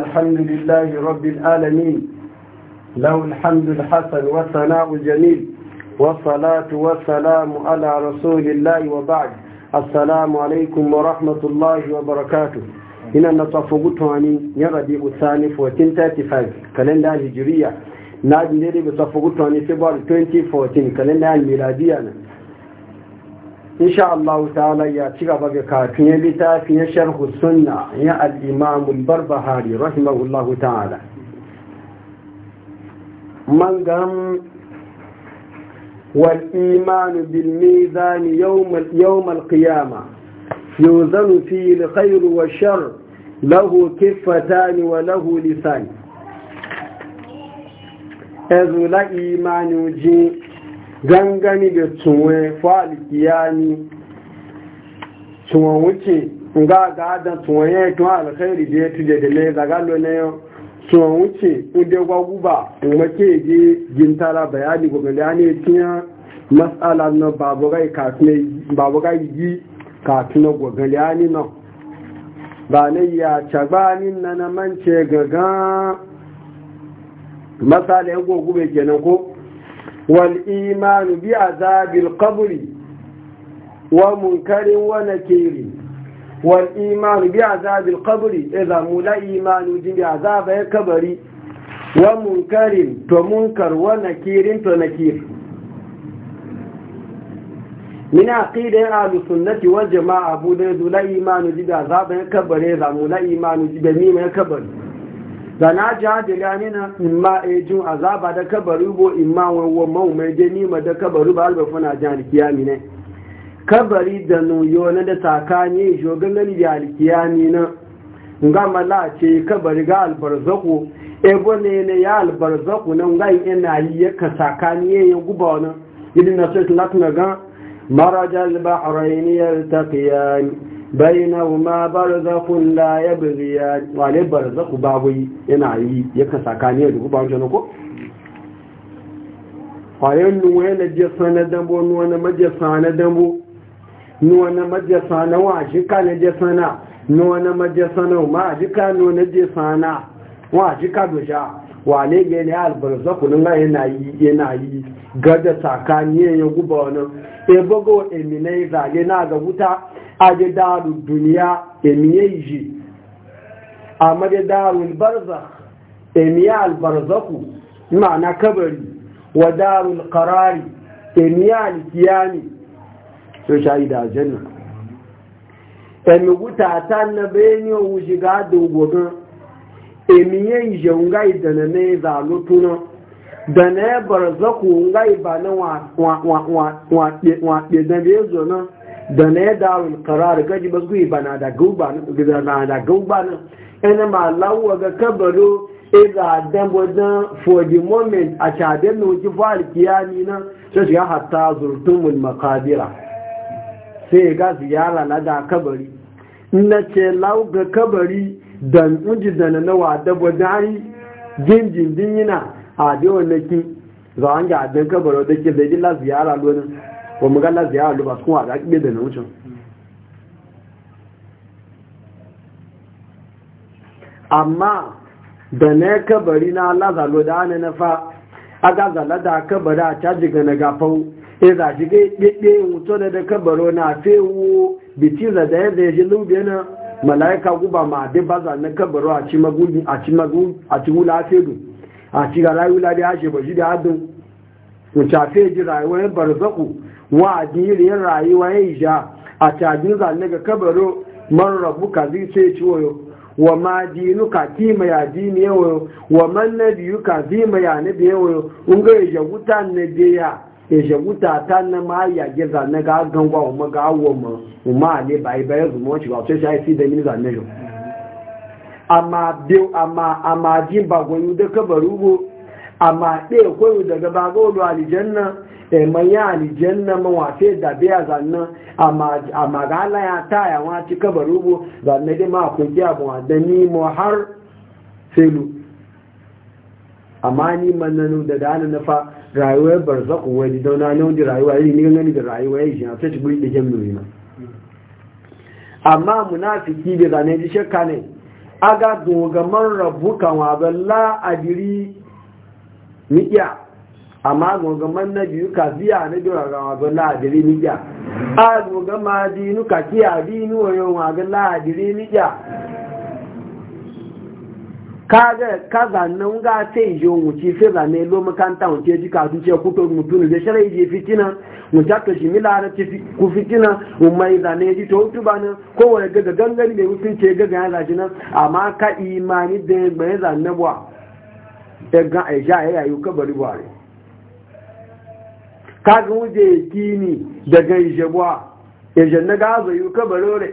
الحمد لله رب العالمين له الحمد الحسن والثناء الجميل والصلاة والسلام على رسول الله وبعد السلام عليكم ورحمة الله وبركاته هنا na tsafogutu ni الثاني فوتين usani 1435 kalenda hijiriya na jinde da tsafogutu ni february 2014 kalenda miladiya na إن شاء الله تعالى يا تجاب كاتي بيتا في شرح السنة يا الإمام البربهاري رحمه الله تعالى من قام والإيمان بالميزان يوم يوم القيامة يوزن فيه الخير والشر له كفتان وله لسان إذ لا إيمان جي gangani da ya ni tunwa wuce nga ga adan tsunwan ya tun alkhairi da ya tuje da ne zaga lo ne yo tsunwan wuce inda gwagu ba kuma ke je gintara bayani gobe da ne tiya mas'ala na babugai kafin babugai yi kafin gobe da ne no ba ne ya chagbanin na na mance gaga masala ya gogube kenan ko والإيمان بعذاب القبر ومنكر ونكير والإيمان بعذاب القبر إذا ملا إيمان بعذاب القبر ومنكر ومنكر ونكير ونكير من عقيدة أهل السنة والجماعة أبو ذو لا إيمان بعذاب القبر إذا ملا إيمان بميم القبر zana jadila ne na imma ejin azaba da kabari bo imma wawan maumai da ma da kabari ba alba funa jan kiyami ne kabari da nuyo na da takanye shoganar da alkiyami na nga la ce kabari ga albarzaku ebo ne ne ya albarzaku na nga yana yi ya ka takanye ya guba wani idin na sai latin ga marajal bahrain yaltaqiyan bainahuma barzakhun la yabghiyan wale barzakhu babu yana yi yakan sakani da kuma wancan ko kwayen nuwa na jesa na dambo nuwa na majesa na dambo nuwa na majesa na wa jika na jesa na nuwa na majesa na ma jika nuwa na jesa na wa jika dosha wane ga ne albarza kunun ga yana yi yana yi gada tsakani ya guba wani e eminai zage na ga wuta a ga daru duniya emiye yi a maga daru barza emiye ma na kabari wa daru qarari emiye alkiyami so shayi da aljanna emi wuta ta na bayani wuce ga dogogon emiye ije ngai dana na ne za lutuna da na barzaku ngai ba na wa wa wa be zo na da da al qarar gaji ba su da guba na na da guba na ina ma lawa ga kabaro iza dan wajen for the moment a cadin da wuce fa kiyani na sai shiga hatta zurtumul makabira sai ga ziyara na da kabari na ce lawa ga kabari dan uji dana na wa dabo dai jinjin din yana a da wannan ki za an ga dan kabaro da ke da jilla ziyara lonin ko mu ga la ziyara lo ba su wa da kibe da na wucin amma da na kabari na Allah lo da ana na fa aga zala da kabari a caji ga na gafau e za shi ga ɗeɗe e, e, wuto da da kabaro na fewo bitin da da ya zai shi lubiya malaika guba ma de baza na kabaro a ci magudi a ci magu a ci wula fedu a ci ga rayuwa da hashe ba shi da hadin mu ta feji rayuwar barzaku wa yin rayuwa ya ija a cajin na ga kabaro man rabu ka zai ce ci wayo wa ma dinu ka ma ya dini yawoyo wa man nabiyu ka zima ya nabi yawoyo ga ya wuta na biya ẹ̀ṣẹ̀ wúta ta na ma ya ge za na ga gangwa o ma ga wo ma o ma le bai ibẹ̀ zu mo chi ba se sai si da ni za ne jo amma bi amma amma jin ba go yu da ka baru go amma de ko yu daga ba go do aljanna e ma ya aljanna ga rayuwar barzaku wani dauna na wani rayuwa yi ne gani da rayuwa ya shi a ta shigo da jan nuri ma amma munafiki da zane ji shakka ne aga dogaman rabu kama balla la'adiri mikiya amma dogaman na biyu ka biya na biyu kama balla adiri mikiya a dogama dinu ka kiya dinu wayo ma balla adiri mikiya kaga kaza nan ga yi je wuce sai da ne lo makanta wuce ji ka ce ku to mutun da sharai je fitina mu ta ka shi mila na ci ku fitina umma za ne ji to tuba nan ko wani gaga gangan da mutun ce ga ga zaji nan amma ka imani da bai za ne ba daga aisha ya yayu kabari ka ga wuje kini daga ijebwa ejen na bari ore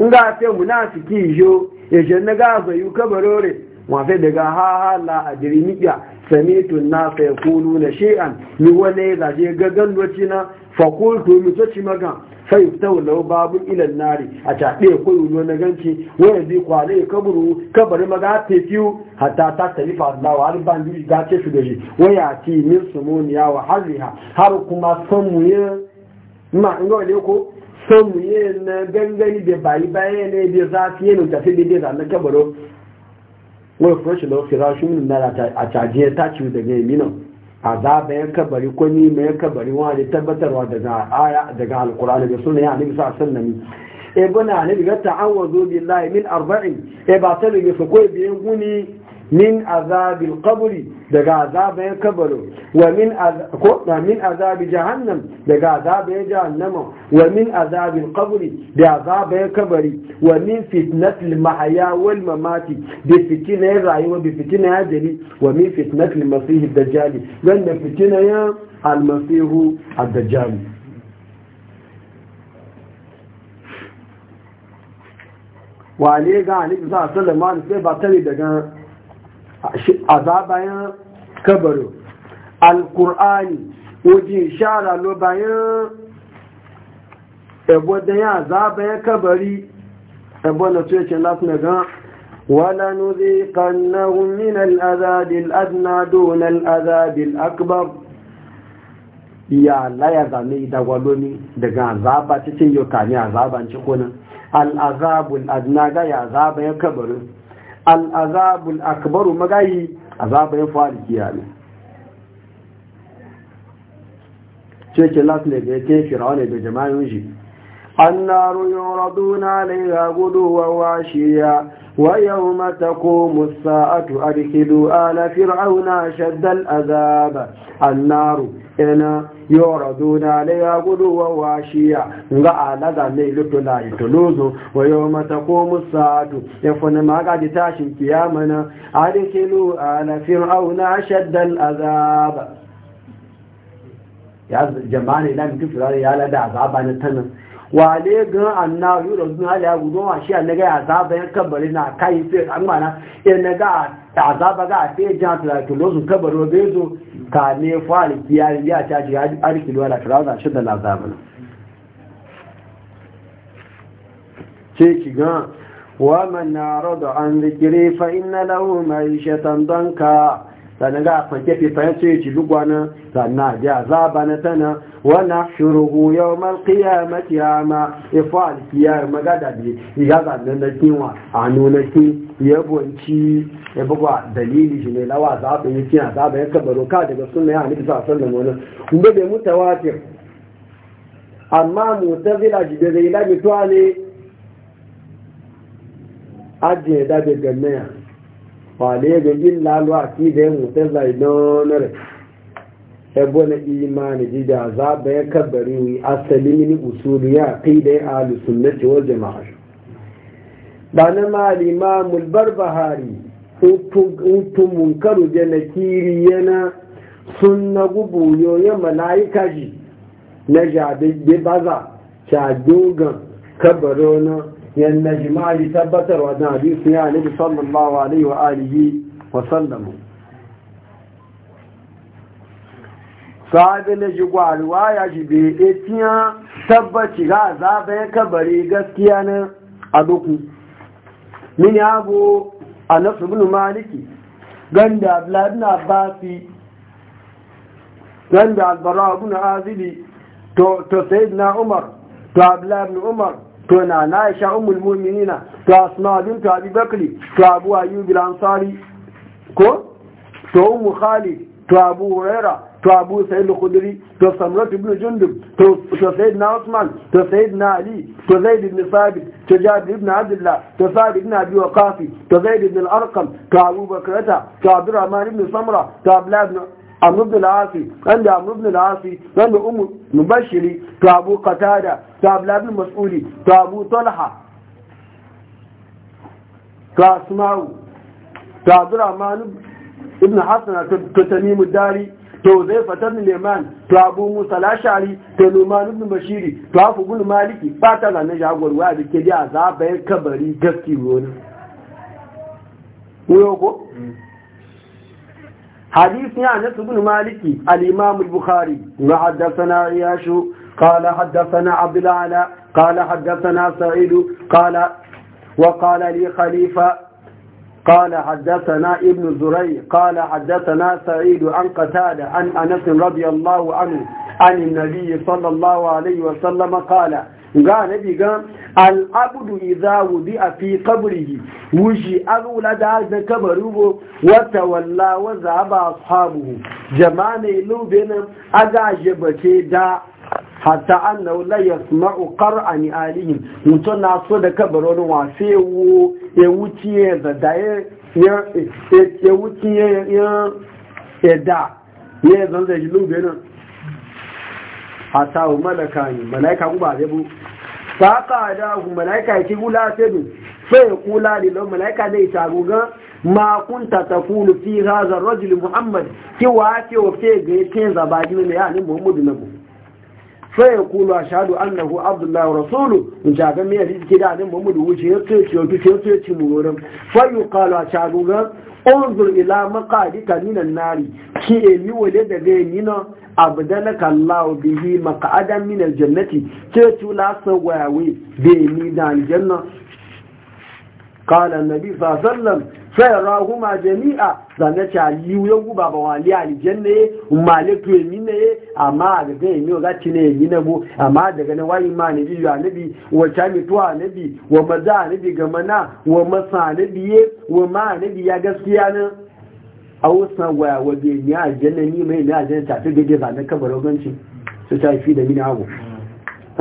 in nga fe munafiki yo yashe na ga zayu kabarore wafe daga hahala a jirimiya samitun na sai kulu na shi'an ni wani ya zaje gagan doci na fakultu mi soci maga sai ta wula babu ilan nari a caɗe ko yulo na ganci wani zai kwale kaburu kabari maga ta fiyu hatta ta tarifa da wa har ban jiri ga ce shi gaji waya ci min sumuniya wa harriha har kuma san mu ma in ko sun yi na gangani da bayi bayan ne da zafi yin tafi da dai zanen kabaro wani fresh da wasu shi min na a cajiye ta ci daga yamina a zaba bayan kabari ko ni mai kabari wani da tabbatarwa daga aya daga alkur'ani da sunan ya annabi sa sallami e bana annabi ga ta'awuzu billahi min arba'in e ba ta ga su koyi biyan guni min azabil qabri daga azabin kabaro wa min ko min azabi jahannam daga azabin jahannama wa min azabil qabri da azabin kabari wa min fitnatil mahya wal mamati bi fitnatin rayuwa bi fitnatin ajali wa min fitnatil masih ya ga ni za sallama sai ba tare daga azabayan kabarin alkur'ani wajen shara lo bayan ebo da ya azabayan kabari ebo na tuye ce lati na gan wala nuzi kannahun min al'azabil adna don al'azabil akbar ya laya zane dagwalomi daga azaba cikin yau kani azaban cikunan al'azabul adna ga ya azabayan kabarin al'azabul akbaru magayi azabayin fari ne ce ke latin da ya ke ne da jama'in shi النار يعرضون عليها غدوا وعشيا ويوم تقوم الساعة أدخلوا آل فرعون أشد الأذاب النار إنا يعرضون عليها غدوا وعشيا غالا ذنبي لتلا يتلوز ويوم تقوم الساعة يفن ما قد تاشي قيامنا أدخلوا آل فرعون أشد الأذاب يا جماعة لا يمكن فرعون يا لدى عذابنا تنم wale gan anna yuro sun hali agu gudun wa shi annaga ya zaba yan kabari na kai sai an mana in naga ta zaba ga te jan ta to lo sun kabaro be zo ka ne fali kiyari ya ta ji arki lo la traza shi da lazaba ce ki gan wa man narada an zikri fa inna lahu ma'ishatan danka sannan ga fanke fifayen sai ci lugwana sannan ya zaba na tana wana shuruhu yau malkiya matiya ma ifa alkiya magada bi ya zanen na kinwa a nuna ki yabonci ya bugwa dalili shi ne lawa zaɓin ya kina zaɓa ya kabaro ka daga suna ya hannun sa sallan wani inda bai mutawatir amma mutazila zila jide zai labi tuwa ne ajiye dabe ganna wale ga illa lo a ti da yin mutum zai donar ebo na imani ji da za ba ya kabari wi asali mini usulu ya kai da ya alu sunnati wal jama'a ba na ma limamul barbahari hutun munkaru da na kiri yana sunna gubuyo ya mala'ika ji na jabe baza shadogan kabarona yana jima'i wa dan hadisi ya nabi sallallahu alaihi wa alihi wa sallam sahabi na ji gwaruwa ya ji bai etiya tabbaci ga zaɓen kabari gaskiya na a duku min ya bu a bin maliki ganda abladna abasi ganda albara abu azili to to na umar to abdullahi umar to na na aisha ummul mu'minina to asma bint abi bakri to abu ayyub al-ansari ko to ummu khalid to abu hurairah to abu sa'id al-khudri to samrat ibn jundub to to sa'id na usman to sa'id na ali to zaid ibn sabit to jabir ibn abdullah to sa'id ibn abi waqafi to zaid ibn al-arqam to abu bakrata to abdurrahman ibn samra to abdullah ibn amr ibn al-asi dan da amr ibn al-asi dan da ummu mubashiri to abu qatada to abdullah ibn mas'udi to abu talha to asma'u to abdurrahman ibn hasan to tamimu dari to zai fatar liman to abu musa lashari to numan ibn bashiri to afu gul maliki fata ga na jagor wa da ke da azabai kabari gaskiyo ne ko mm. حديث أنس بن مالك الإمام البخاري وحدثنا عياش قال حدثنا عبد الأعلى قال حدثنا سعيد قال وقال لي خليفة قال حدثنا ابن زري قال حدثنا سعيد عن قتادة عن أنس رضي الله عنه عن النبي صلى الله عليه وسلم قال ga nabi ga al'abdu idza wudi a fi Wushi wuji agula da da kabaru bo wata walla wa zaba jama'a jama'ane a aga jebace da hatta annahu la a ni alihim mutum na so da kabaru wa fewo e wuciye da ya ya ya da ya zan da Hata hatta malaka ni malaika ba zai bu faka da ku malaika ki gula sedu sai kula da lo malaika dai ta guga ma kunta taqulu fi hadha rajul muhammad ki wa ki wa ke ga ke zabagi ne ya ni muhammadu nabu fa ya kulu ashhadu annahu abdullahi wa rasulu in ja ga me hadisi da Muhammadu wuce ya ce ce ce ce ce mu wurin kalu a shaɗu ga ila maqadika nina nari ki emi wale daga Nina, abdalaka Allah bihi maqadan min jannati ce ce la sawawi be ni da aljanna قال النبي صلى الله fẹ́ẹ̀rọ ahúnmà jẹmíà zanẹ́tì àyíwéwú bàbá wọn alẹ́ àlìjẹ́ ní èmi ní àmà àgẹ́gẹ́ èmi ọ̀gá ti ní èmi náà àmà àdẹ̀gẹ́ ní wáyé máa níbi yọ ànẹ́bí wọ̀ ànẹ́bí wọ̀ ànẹ́bí wọ̀ ànẹ́bí yé wọ̀ má ànẹ́bí ya gaskiya ní awusan waya ni ni mai ni ba na kabar oganci su ta fi da mini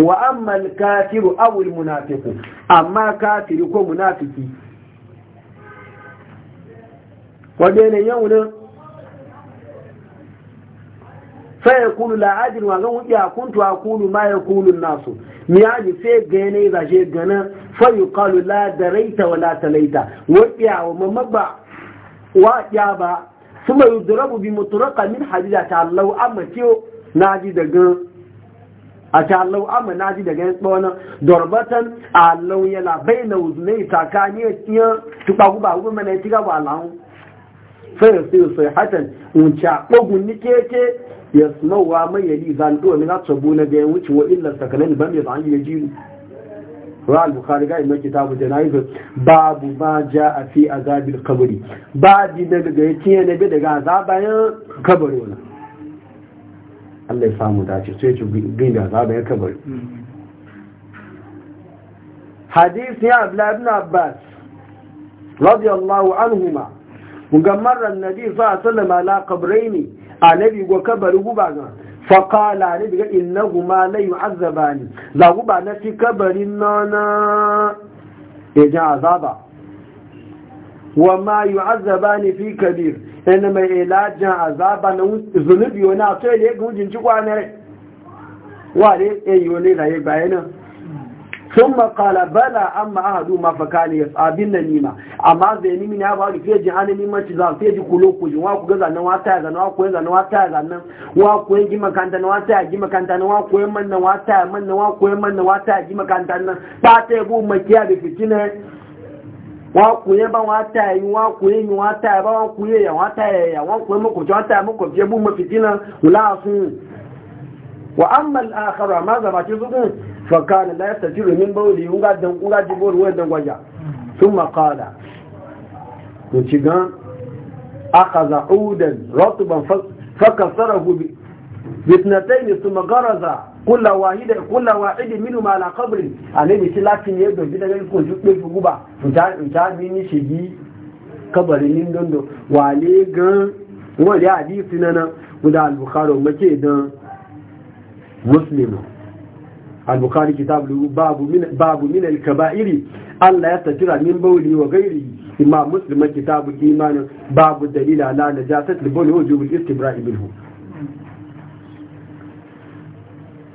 wa amma kafiru aw munafiku amma kafiru ko munafiki wadda yau ne sai ya kulu la'adin wa zan wuce a kuntu a kulu ma ya kulu nasu ya ji sai gane za shi gana yi kalu la da raita wa la talaita waɗiya wa mamaba waɗiya ba su mai durabu bi muturaka min hadida ta allahu amma ciwo na ji daga a ta allahu amma na ji daga tsohonan dorbatan allahu yana bai na wuzunai tsakani ya tuɓa guba guba mana ya ci gaba allahu fayar sai sai hatan wuce ɓogun ni keke ya sunawa mai yadi zan ɗuwa mina tsabu na gayan wuce wa illa sakalani ban mai zan yi jiru ra al-bukhari ga imam kitabu janayiz babu ma jaa fi azabil qabri babu daga ga yace ne bi daga azabayan kabari wannan Allah ya samu dace sai ci bin da azabayan kabari hadith ya abdullah ibn abbas radiyallahu anhuma mugammar annabi sa sallama ala qabraini annabi go kabar guba ga fa qala ni daga innahuma la yu'azzabani za guba na fi kabarin nana ejan azaba wa ma yu'azzabani fi kabir inna mai ilajan azaba na zunubi wani a tsaye ga hujin ci kwanar wa ne eh, yayi wani raye bayanan sun makala bala an ma'ahadu kane ya abin na nima amma zai nimi ya ba da feji hannun nimanci za fiye ji kulo ku wa ku ga zanen wata ya zanen ku yi zanen wata ya zanen ku ya gima kanta na wata ya gima kanta na ku yi manna wata ya manna ku yi manna wata ya gima kanta na ta ta bu makiya da fitina ku yi ba wata ya yi wa ku yi wata ya ba waku ya yi wata ya ya waku ya makwabci wata ya makwabci ya bu mafitina wula sun wa amma ma zaba ce su fakana la yastajiru min bawli unga dan unga jibor wa dan gwaja thumma qala to cigan akhadha udan ratban fakasarahu bi bitnatayn thumma garaza كل واحد كل واحد منهما على قبر اني بي لكن يدو بي daga ko ju pe fuguba nta nta bi ni shigi kabari nin dondo wale gan wali hadisi nana guda al-bukhari mace dan muslimu albukhari kitab babu min babu min Allah ya tatira min bawli wa ghairi ima muslim kitabu iman babu dalil ala najasat libul wujub istibra' minhu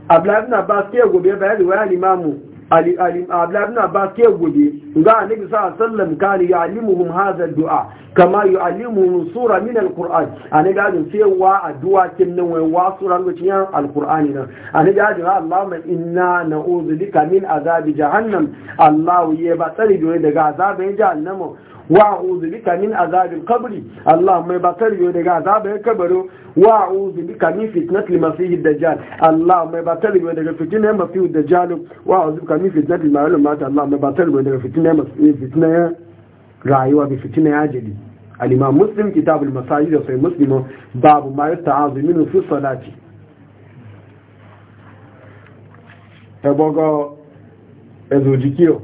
abla ibn abbas ya gobe bayani wa imam abdullahi abbas ke gobe ga annabi sa sallam kan ya'limuhum hadha du'a kama yu'allimuhum sura min alquran annabi ga cewa addu'a kin nan wai wa sura lokacin yan alqurani nan annabi ga cewa allahumma inna na'udhu bika min azabi jahannam allah ya ba tsari daga azabin jahannam wa'udhu bika min azabil qabri allahumma bakar yo daga azabar kabaro wa'udhu bika min fitnatil masih dajjal allahumma bakar yo daga fitnar da dajjal wa'udhu bika min fitnatil ma'lum mata allahumma bakar yo daga fitnar ya fitnar rayuwa bi fitnar ajali al-imam muslim kitabul masajid sai muslimu babu ma yasta'azu min fi salati ebogo ezojikiyo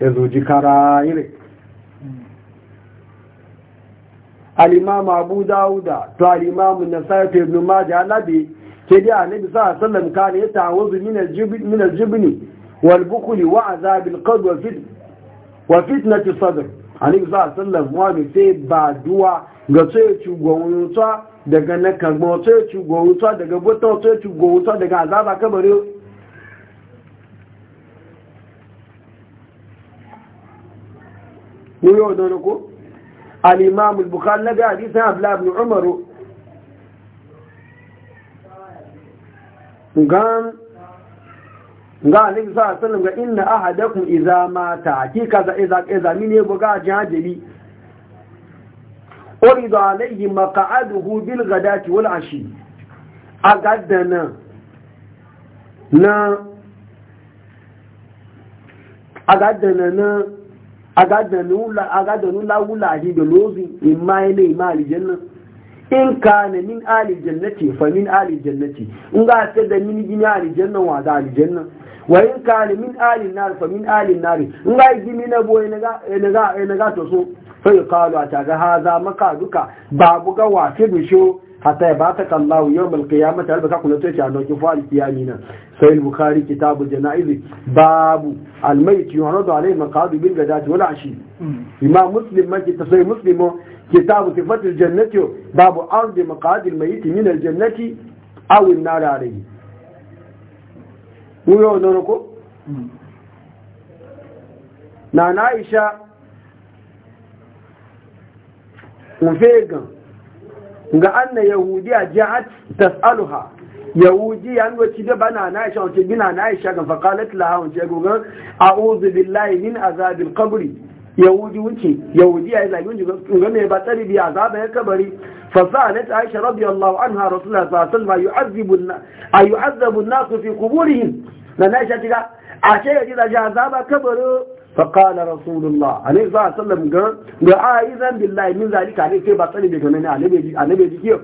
ezuji kara ire al abu dauda to alimamu na nasai ibn majah alabi ke da annabi sa sallam ka ne ya ta'awuzu min al-jibni wal bukli wa azab al-qad wa fitn wa fitnat sadr annabi sallallahu alaihi wa bi sai duwa ga sai ci gwawunta daga na kagmo sai ci gwawunta daga bota sai ci gwawunta daga azaba kabari yau da wani ko al-imam al-bukhari na ga hadisin abdullah ibn umar gan ga annabi sallallahu alaihi wasallam ga inna ahadakum idza mata hakika za idza idza mine buga jahili uridu alayhi maq'aduhu bil ghadati na agadanu lawula ahi da lozi in ma yana ma alijanna in ka na min alijannati fa min alijannati in ga ta da min gini alijanna wa da alijanna wa in ka na min alin nar fa min alin nar in ga gini na boye na ga na ga to so fa yuqalu ataga haza maka duka babu ga wa fi bisho hatta ya bata kallahu yawmal qiyamati albaka kullu tace a dokin fa alqiyamina sai bukhari kitabu janaiz babu almayt yuradu alayhi maqadi bil gadati wal ashi imam muslim ma ki tasai muslimo kitabu sifat aljannati babu ard maqadi almayt min aljannati aw an-nar alayhi uyo nono ko na na isha kun fegan ga anna yahudiya ja'at tas'aluha yahudi an wace da bana na aisha wace gina na aisha ga faqalat laha wace a a'udhu billahi min azabin qabri yahudi wuce yahudiya ya zagi wuce ga me ba tsari biya azaba ya kabari فسألت عائشة رضي الله عنها رسول الله صلى الله عليه وسلم يعذب أيعذب الناس في قبورهم لأن عائشة تقول عشان يجد عذاب كبره فقال رسول الله عليه الصلاه والسلام قال ga بالله من ذلك عليه ne sai ba tsani النبي النبي annabi annabi jikiyo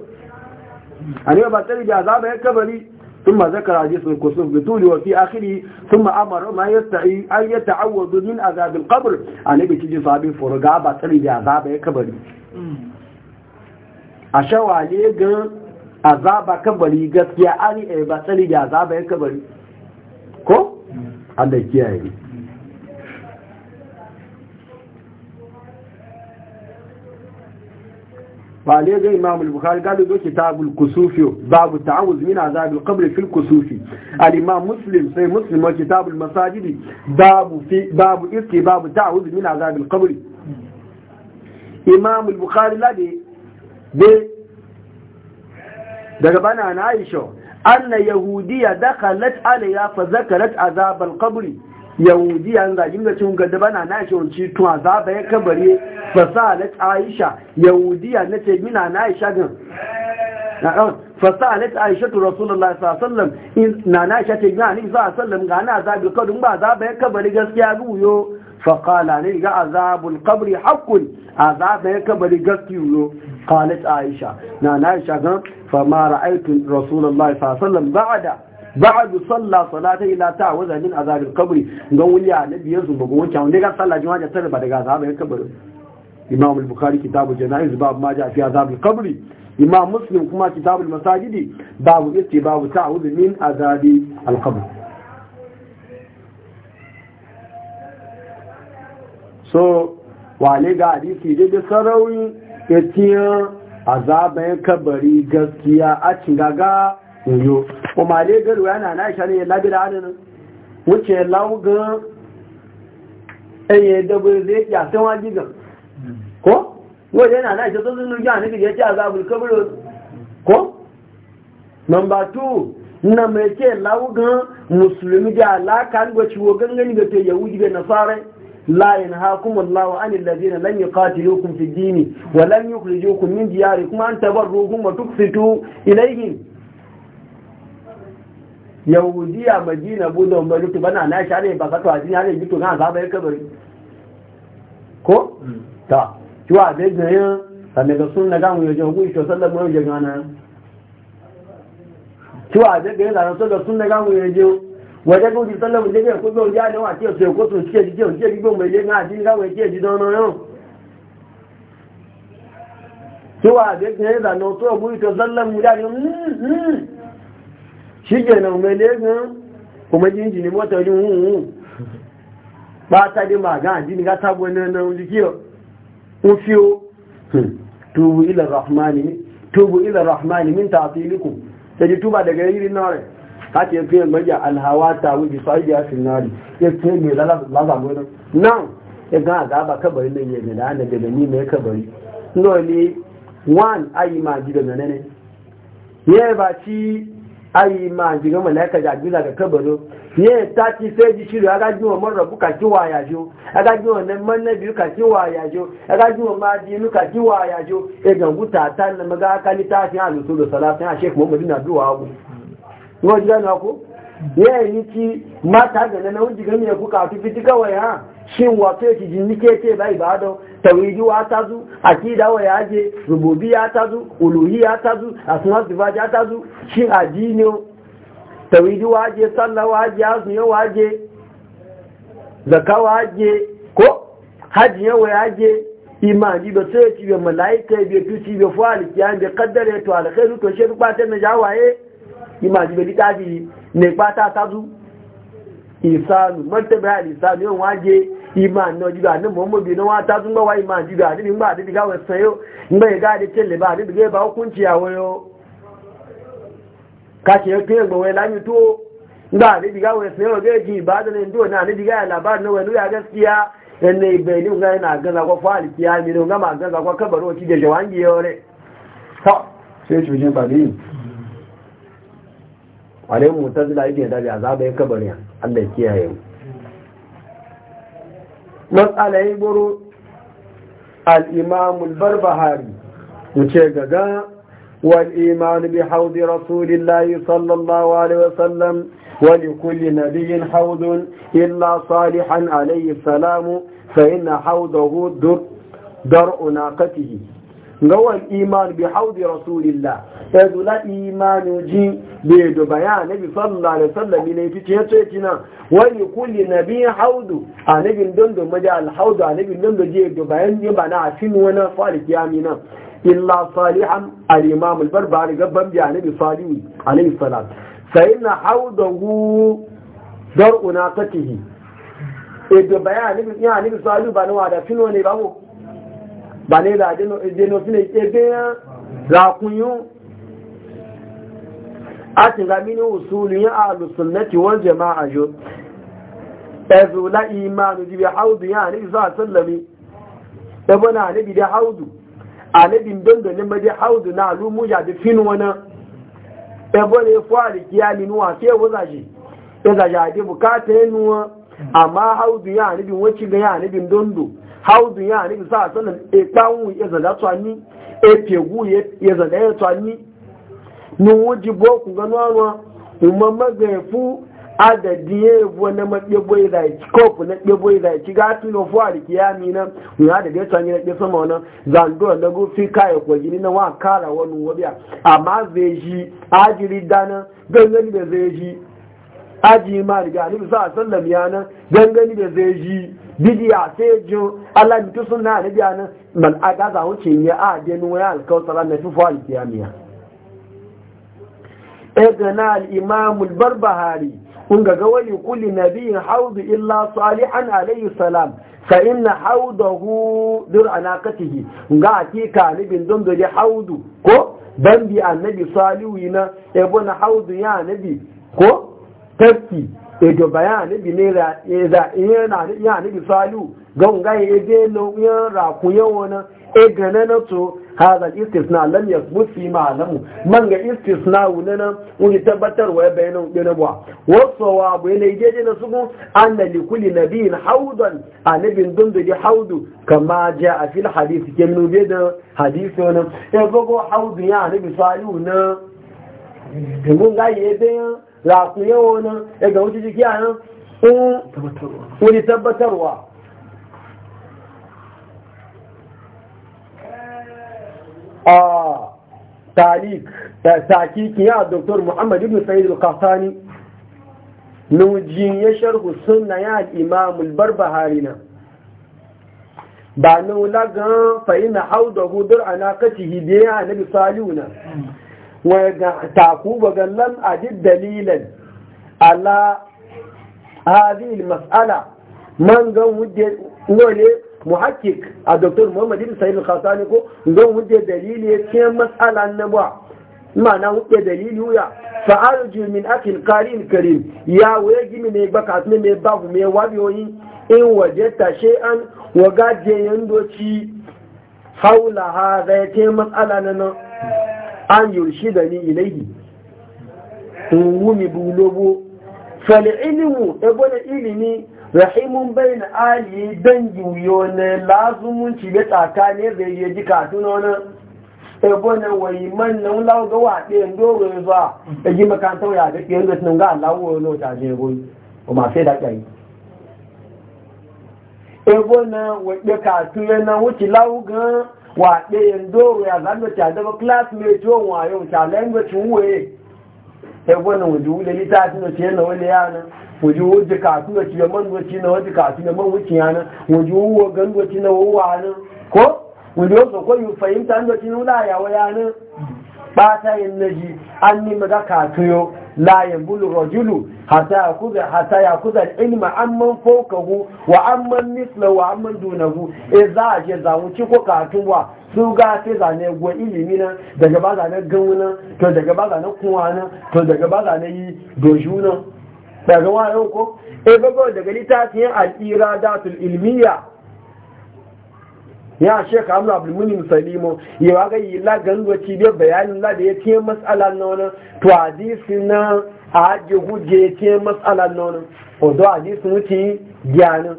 annabi ba tsani ثم ذكر حديث الكسوف بطول وفي اخره ثم امر ما يستعي ان يتعوذ من عذاب القبر أنا بتجي صابي فرقا بطري بعذاب كبري اشوا عليه عذاب كبري غسيا اني علي بطري بعذاب كبري كو؟ عندك يا wale ga imam al-bukhari gado zo kitabul kusufi babu ta'awuz min azab al-qabr fi al-kusufi sai muslim wa kitabul masajid babu iski babu ta'awuz min azab al imam al-bukhari daga bana na aisha anna yahudiya dakhalat alayya zakarat azab al yahudi yanzu zagin da cin gada bana na shi wanci tuwa za ba ya a fasalat aisha yahudi ya nace mina na aisha gan ah, fasalat aisha tu rasulullahi sallallahu alaihi wasallam na na aisha ta mina ni a alaihi ga na zaɓi kadun ba za ba ya kabare gaskiya ruyo فقال لي عذاب القبر حق عذاب القبر غسيو قالت عائشه نانا عائشه ba'du salla salata ila ta wa zamin azabil qabri ga wuya na biyan su bugu wancan wanda ga sallah juma'a ta tarba daga azabil qabri imam bukhari kitabu janaiz bab ma ja fi azabil qabri imam kuma kitabul masajidi babu yace babu ta'awud min azabi al-qabr so wale ga hadisi da da sarawi yace azaban kabari gaskiya a cin gaga uyo kuma dai garu yana na ne ya labi da hannun wuce ya lau ga e da bai zai ya sanwa gizan ko wajen yana na shi tsazin nujiya na gizan ya za a bulka biro ko namba 2 na mai ce lau musulmi da alakan gwaci wogan gani ga ta yahudi da nasara layin ha kuma lawa an ilazi na lanyi kati hukun fi dini wa lanyi kulji hukun kuma an tabar ruhun matuk fito ilaihin yahudiya madina budon ba lutu bana na sha ne ba ka to ajin ne gitu na za ba yake bari ko hmm. ta kiwa da gaya sanne ga sunna ga mu yaje ku isho sallan mu yaje gana kiwa da gaya da so ga sunna ga mu yaje waje ku sallan mu yaje ku zo ya da wa ce so ko sun ce ji ce ji go mai yaje na ajin ga wai ce ji don no kiwa da gaya da no to mu isho sallan mu yaje hmm, hmm. shi ke nan mai legan kuma jinji ne mota yin hunhun ba ta di maga a jini ga sabuwa na nan jikiyo ufiyo hmm. tubu ila rahmani tubu ila rahmani min ta'tilikum ji tuba daga yirin nare ka ya fiye maja alhawa ta wuce ya sinari ya ce lala lala ya gana gaba kabari na ni mai kabari N'oli ne ayi ne ayi ma jiga malaika da gila ga kabaro ye ta ti sai ji shiru aga ji wa marra buka ki wa ya jo aga ji nan man nabi ka ki wa ya jo aga ji ma di nu ka ki wa ya jo e ga guta ta na maga ka ni ta fi alu sulu salatu a sheikh muhammad na duwa ku ngo ji na ku ye ni ki mata ga nan wudi ga mi ku ka fi fitika wa shin wato ya kijin nike ce bai ba da tawidi wa ta zu akida wa ya je rububi ya ta zu uluhi ya ta zu asma sifa ya ta zu shin addini tawidi wa je sallah wa je azumi wa je zakka wa je ko hajji wa ya je imani ba sai ci bai malaika bai tuci bai fuhal kiyan bai kaddare to alkhairu to shi ba ta na jawaye imani bai dadi ne ba ta ta zu isanu martaba al-isanu yawan waje iman na jiga ni muhammadu na wata nwa gawa iman jiga ni bin ba didi gawa sayo in bai ga da kelle ba didi ga ba hukunci ya wayo ka ce ke ga wai lami to ba didi gawa sayo ga ji ba da ne ndo na didi ga labarin na wani ya gaskiya dan ne bai ni ga na ga ya Allah nan ala yi buru al’imamun barbahari wuce gaga wal’imamun bi haudi rasulillahi sallallahu alaihi wasallam wani kulli nabiyin haudun illa salihan alaihi salamu fa ina haudahu dar’una katihi gawar iman bi haudi rasulillah ya zula imanu ji bai da bayan nabi sallallahu alaihi wasallam ne fi ce ce kina wani kulli na nabi haudu a nabin don da maja alhaudu a nabin don da je da bayan ne ba na afin wani fari kiyami nan illa salihan al-imam al-barbari gabban bi nabi salihu alaihi salam sai na haudahu dar'una tatihi e da bayan nabi ya nabi salihu ba na wada fin wani babu ba ne da deno suna ebe ya rakunyun a ti ga mini usulun ya alusunnati wal jama'a jo ezu la imanu jibi haudu ya ne za a sallami ebe na anabi da haudu anabin dangalin ma da haudu na alumu ya da fin wani ebe ne fuhari kiyali nuwa sai wuza shi ya zaje a bukata ya nuwa amma haudu ya anabin wacce ga ya anabin dondo haudu ya anabi sa sallam e kpawun ya zada tsani e pegu ya zada ya tsani ni wuji bo ku ga nwa umma magafu adadi ya yi yabo na maɗebo ya zai kofu na ɗebo ya zai ga tuno fuwa da kiyami na mu ya da ya ne na ɗe sama wani zando na gufi kaya kwa gini na wa kara wani wabiya amma zai shi ajiri dana gangan da zai shi aji ma riga annabi sa sallam ya nan gangani da zai ji bidiya sai ji Allah mutu sunna annabi ya nan man aga za wuce ne a den waya na fi fa'al kiyamiya egana al-imam al-barbahari kun ga gawali kulli nabiyin haudu illa salihan alayhi salam fa inna haudahu dur anaqatihi ga hakika nabin don da haudu ko dan bi annabi salihu na ebona haudu ya nabi ko tafki ejo bayan anibi ne ra eza iya na ni bi salu gonga de lo ya ra ku ya na e gana na to hada istisna lam yathbut fi ma'lamu man ga istisna wunana wani tabbatar wa bayanan dana wa wasawa bu ne jeje na sugu anna li kulli nabiyin haudan anabin dundudi haudu kama jaa fil hadith kemnu be da hadith wona e gogo haudu ya bi salu na gonga de rasu yawo wani daga wuce jiki a nan wani tabbatarwa a talik takiki ya doktor muhammad ibn sa'id al-qasani nujin ya sharhu sunna ya imam al-barbahari na ba nulagan fa ina haudahu dur anaqatihi bi ya nabi salihuna taku ba lam ajid dalilan ala hadhihi mas'ala man gan wuje wale muhakkik a dr muhammad ibn sa'id al ko gan wuje dalili ce mas'ala na ba ma'ana wuje dalili ya fa arju min akil qarin karim ya waye gimi ne baka ne me babu me wabiyoyi in wajeta shay'an wa gaje yandoci haula hadha ya ce mas'ala na an yurshi da ni ilaihi wumi bulobo fal'ilimu ebola ilimi rahimun bayan aliyu dangi wuyo na lazumunci da tsakani zai yi jika tunona ebola wai man na wulawa ga waɗe doro ya zuwa da ji makanta ya ga ɗiyar da tunan ga alawo wani wata je goyi o ma sai da ƙari ebola wai ɗaya katu yana wuce lawo gan wa ɗayan doro ya zanga ta daba class yau wa yau ta language wuwe ya e gwani wajen wule littafin da ce na wani yana wajen wajen kasu da ciye man wace na wajen kasu da man wuce yana wajen wuwa gan wace na wuwa na ko wajen wasu ko yi fahimta an wace na wula yawa yana ba ta yin naji an nima ga kasu yau la yabulu rajulu hatta yakuza hatta yakuza ilma amman fawqahu wa amman mislahu wa amman dunahu e za a je za ko katuwa su ga sai zane gwa ilimi nan daga ba zane gawu nan to daga ba zane kuwa nan to daga ba zane yi doju nan daga wani ko e bago daga littafin al-iradatul ilmiya ya sheka abu abdulmunim salimu ya waga yi lagan doci bai bayanin la da ya ce matsala na wani to hadisi na a hajji hujje ya ce matsala na wani odo hadisi wuce gyanin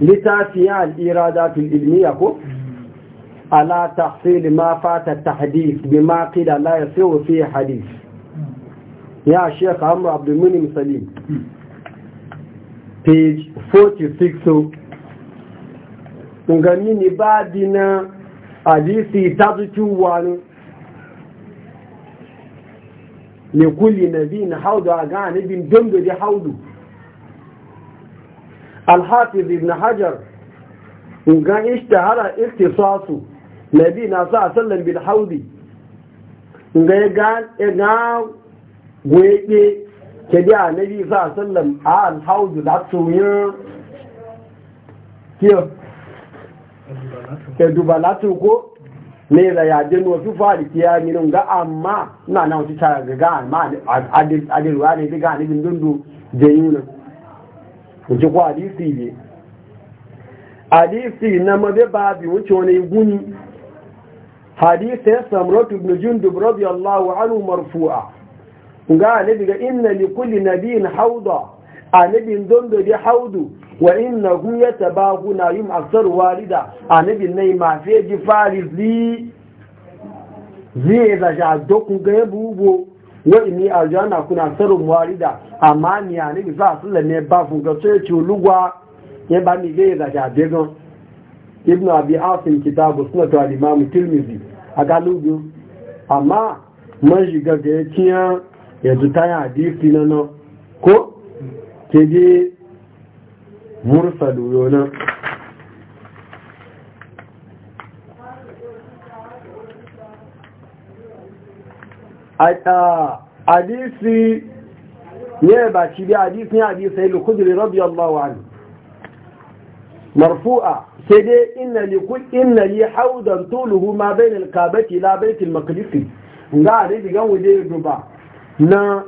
littafi ya al'irada fil ya ko ala tahsil ma fata tahdith bima qila la yasiru fi hadith ya sheka abu muni salim page 46 nga mini ba dina hadisi tatu wani, ne kuli nabi na haudu a ga nabin don da ji haudu alhafiz ibn hajar nga ishtahara ikhtisasu nabi na sa sallan bin haudi nga ga ga goyeke ke a nabi sa sallan a haudu da tsoyin kiyo ke dubala tuko ne da ya je no fufa da kiya minun ga amma na na wuce tara ga amma adil adil wa ne diga ne bindun du je yuna ku ji kwa di si ne hadisi na mabe babi wuce wani guni hadisi ya samratu ibn jundub radiyallahu anhu marfu'a ga ne diga inna li kulli nabiyyin hawda anabin dondo da haudu wa inna hum yatabahuna yum aksar walida anabin nay ma fe ji zi zi da ja dokun ga bubo wa inni aljana kuna sarun walida amma ni anabi sa sallan ne ba fun ga ci lugwa ya ba mi zai da ja ibn abi asim kitabu sunnat al imam tirmidhi a galugo amma man shiga ga yanzu ta yi hadisi na ko ke je mursalu yonan ne ba ci bi hadisi ne hadisi sai lukudri radiyallahu anhu مرفوعة سيدي إن لكل إن لي حوضا طوله ما بين الكعبة إلى بيت المقدس قال لي بيقول دي duba. Na.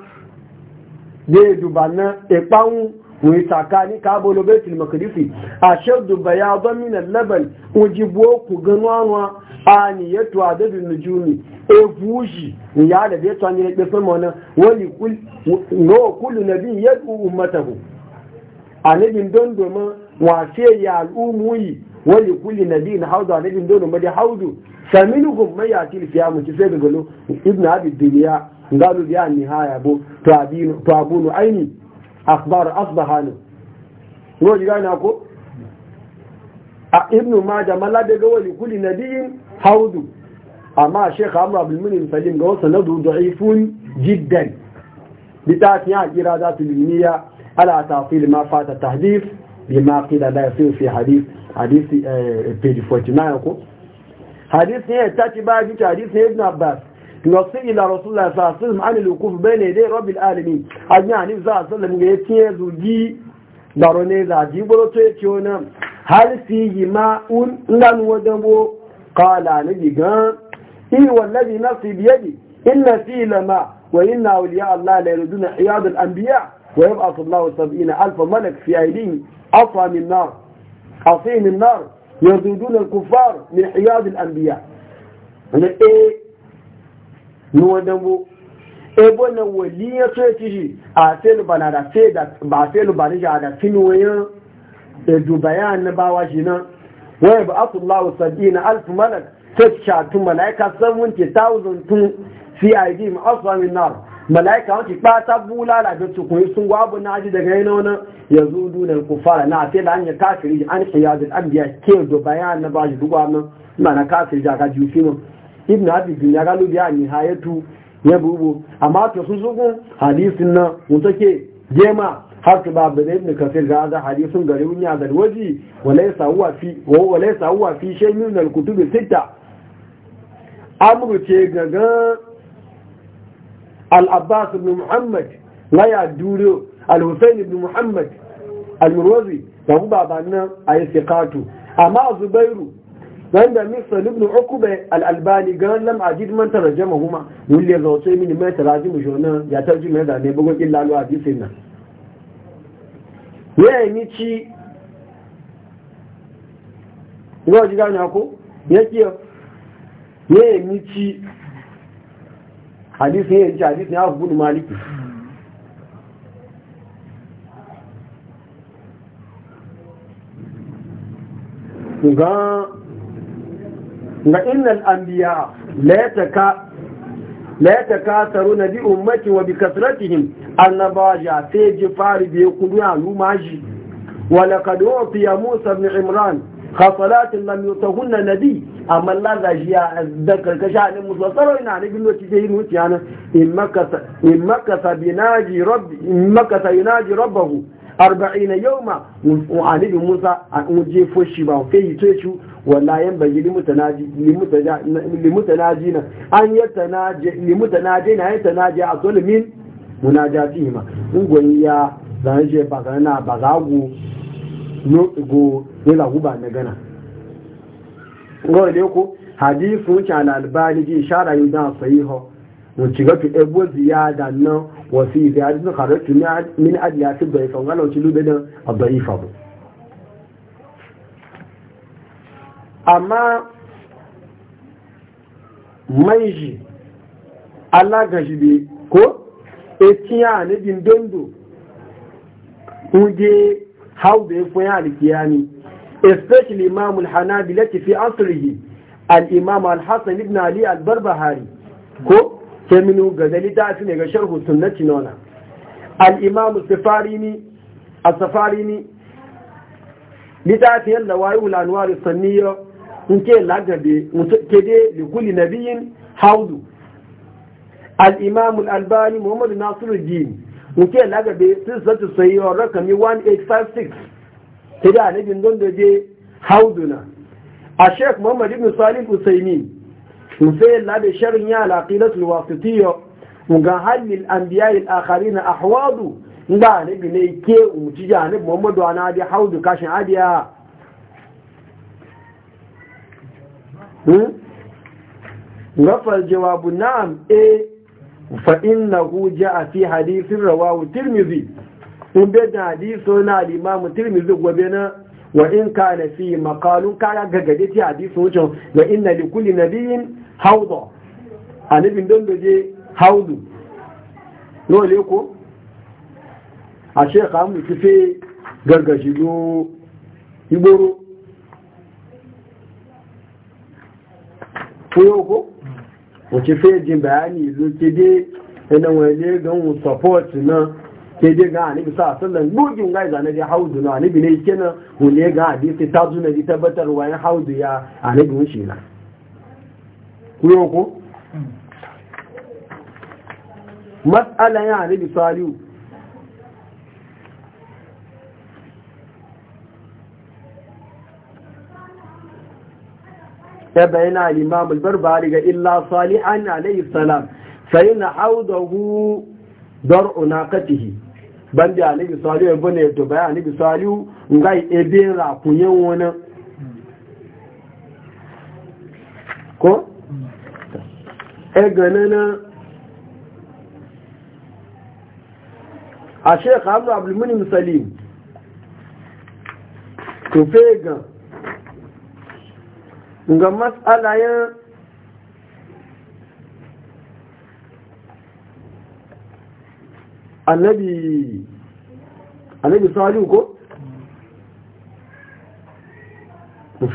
zai duba na ikpan wai tsakani kabo lobetul makarifi a shaddu bayadon na laban ujibo ku ganuwa ani na adadu nujumi evuji ya da yetu ani pe fun mona wali kul na kullu nabi yadu ummatahu anabi don do ma wa se ya al'umui wali kulli nabi na haudu a anabi don domin ma da haudu saminuhum ma yati al-qiyam ci sai galo Ibn abi dunya قالوا بها النهاية تعبون عيني أخبار أصبحان نقول جاي نقول ابن ماجا ما لا بيقول لكل نبي حوض أما الشيخ عمرو عبد المنعم سليم قال سنده ضعيفون جدا بتاعتي إرادات العلمية على تعطيل ما فات التحديث بما قيل لا يصير في حديث حديث بيج 49 حديث هي تاتي بعد حديث ابن عباس nasu ila rasulullah sallallahu alaihi wasallam anil wukuf bayna yaday rabbil alamin anya ni za sallam ga yake zugi daro ne za ji bolo to yake ona hal fi ma un lan wadabo qala ni diga in wallazi nafsi bi yadi inna lama wa inna awliya allah anbiya afa nuwa dambo ebo na wali ya so ci shi a selu ba na da sai da ba selu ba ni da tini wayan da dubayan na bawa shi nan Wani ba akullahu sabina alf malak sai sha tun malaika 70000 tun CID ma aswamin na, malaika wani ba ta bula da ga tukun sun gwabu na ji daga yana wani ya zo dunar kufara na A sai da an ya kafiri an qiyadul anbiya ke dubayan na ba shi duk wani na kafiri da ga jufi mu. ibn abi dunya galu biya ni hayatu ya bubu amma to sun zugun hadisin nan mun take jema har ta babu da ibn kafir ga da hadisin gari wunya da waji walaysa huwa fi walaysa huwa fi shay'in min al-kutub sita amru gaga al-abbas ibn muhammad la ya duro al-husayn ibn muhammad al-murwazi da ku babanna ayi siqatu amma zubairu wanda misal ibn ukuba al-albani gan lam ajid man tarjama huma wulli zawto min ma tarjuma jona ya tarjuma da ne bugo illa al hadisin nan Ya yi ci yo ji gani ko yake yayi ni ci hadisi yayi ci hadisi ne abu maliki gan ga innal anbiya la yataka la yatakataruna bi ummati wa bi kasratihim annabaja sai ji fari biye kunya alumaji wa laqad utiya musa ibn imran خصلات لم يطهن نبي اما الله زاجيا ذكر كشان مصطلح ان عليه بالله تجي نوتي انا امك امك بناجي رب امك يناجي ربه arba'ina yawma annabi Musa an je foshi ba kai yi to shi wala yan bayi na an yatanaji limutanaji na yatanaji a sulmin munajati ma ungon ya zan je ba na ba gu no go ne la guba na gana ko hadithu cha albani ji ishara yudan sahiho mu ciga tu ebo ziyada na. وفي في عدد خرجت من أجل أسد ضعيفا وقال لو تلو بنا الضعيفة أما manji Allah gashi bi, ko etiya ne din dondo uje hauda ya fuya alkiyani especially imam al-hanabi lati fi asrihi al-imam al-hasan ibn ali al-barbahari ko sai minu ga dalita su ne ga sharhu sunnati nona al-imamu safarini as-safarini litafiyar da wayi ulanuwar sanniyo in ke lagabe ke de kulli nabiyin haudu al-imamu al-albani muhammad nasiruddin in ke lagabe sun sati sayiyo rakami 1856 ke da anabin don da je hauduna a sheik muhammad ibn salim usaimin وفي الله بشر يا العقيدة الواسطية وقال هل للأنبياء Ahwadu, أحواض ba ne bi ne ke umuci janib muhammadu ana abi haudu kashin adiya gafar jawabu na'am e fa innahu ja'a fi hadithin rawahu tirmidhi in bai da hadiso na al-imam gobe na wa in kana fi maqalun kana gagade ti hadiso wucin ga inna li kulli nabiyyin haudu a nufin don doje haudu lole ko a shekha mu kife gargashi do iboro kuyo ko wace jin bayani zo ke dai yana wale gan support na ke dai ga anibi sa sallan gogin ga zane da haudu na anibi ne kenan wale ga hadisi ta zuna ji tabbatar wa haudu ya anibi wuce na kuyoko hmm. matsala ya ne saliu ya bayyana al-imam al-barbari ga illa salihan alayhi salam sai na haudahu dar'u naqatihi bandi alayhi salihu ya bane to bayan alayhi saliu ngai ebe ra kunyen wona hmm. ko eganana a sheikh hamdu abdulmunim salim to fega ga matsala ya annabi annabi salihu ko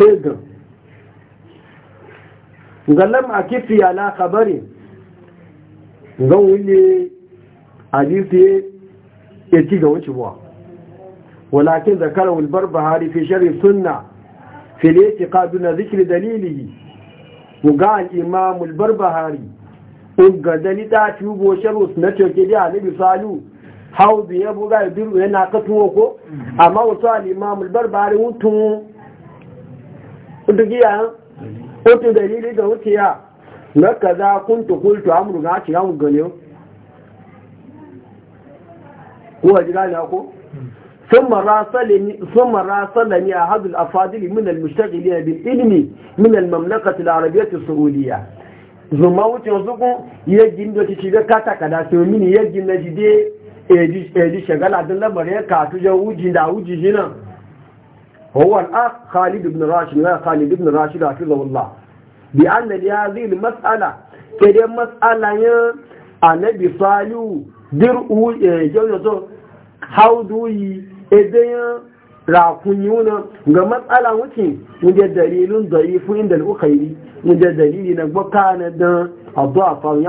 fega galam a kifi ala kabari zan wule hadisi ya ci ga wuce buwa walakin zakara wulbar bahari fi shari sunna fili ya kadu na zikiri dalili ga al'imam wulbar In ga dali ta fi ubo sharu na coke da alibi salu hau ya buga ya biru yana katuwa ko amma wasu imam wulbar Buhari, mutum otu dalili da wuce ya na kaza kuntu kultu amuru ga ci gamu gane ko a jira na ko ثم راسلني أحد الأفاضل من المشتغلين بالعلم من المملكة العربية السعودية zuma wuce wasu kun yajin da ci shiga kata kada su mini yajin na jide eji e shagala don lamarin ya katu da wuji وهو الأخ خالد بن راشد خالد بن راشد حفظه الله بأن لهذه المسألة كده مسألة النبي hauduyi idan ga matsala wuce wuje dalilin zaifu inda al'ukairi wuje dalili na gbaka na dan abu a faru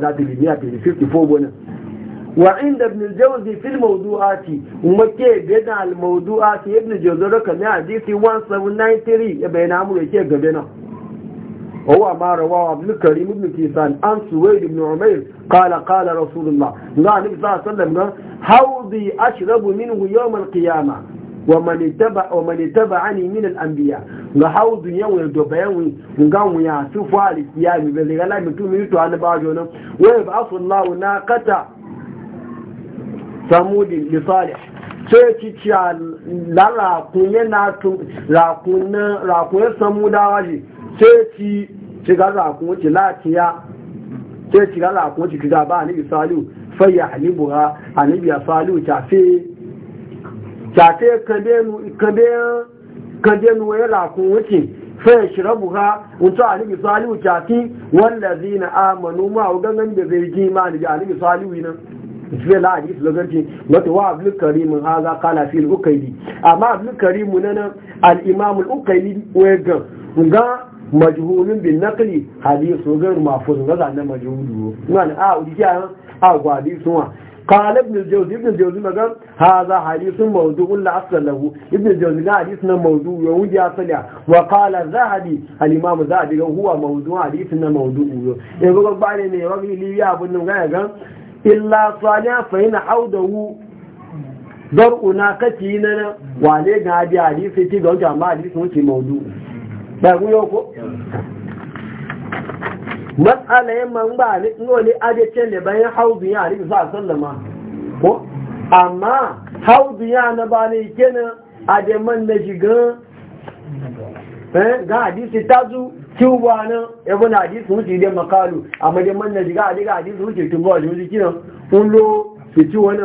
da bilibiya وعند ابن الجوزي في الموضوعات ومكي بين الموضوعات ابن الجوزي كما حديث 1793 يبين عمرو يكي قبنا هو ما رواه ابن الكريم ابن كيسان عن سويد بن عمير قال قال رسول الله قال النبي صلى الله عليه وسلم حوضي أشرب منه يوم القيامة ومن اتبع ومن اتبعني من الانبياء ga haudu yawo do bayawi ngamu ya tufa alkiyami be ga la mutum yuto an ba jono wa ba asallahu na qata samudin misali sai ci ci la rakunye na rakunye samudawa shi sai ci ci ga rakunye ci latiya sai ci ga rakunye ci ba anibi saliu fayya halibu ha anibi ya salu tafe tafe kadenu ya rakunye ci fayya shirabu ha wuce anibi saliu tafi wanda zina amanu ma wa gangan da zai ji ma anibi saliu nan fiye la hadis lokaci wato wa abdul karim haza kana fi al amma abdul karim nan al imam al ukaili wega ga majhulun bin naqli hadis wagar mafuz ga zan majhulu nan a uji ya a gwa hadis wa قال ابن الجوزي ابن الجوزي مقال هذا حديث موضوع لا أصل له ابن الجوزي لا حديث موضوع يوجد أصل وقال الذهبي الإمام الذهبي هو موضوع حديث موضوع يقول بعد أن لي يا illa salihan da wu don una kaci na nan wale ga hadi hadisi ci ga wancan amma hadisi wuce maudu da ku yau ko matsala yin n ba ne nole ajecen da bayan hauzun ya hadisi sa sallama ko amma hauzun ya na ba ne kenan man na shiga Eh, ga hadisi ta zu kiwa nan ebe na hadisi wuce idan makalu a dai na jiga adiga hadisi wuce tun ba wajen jiki nan un lo su ci wani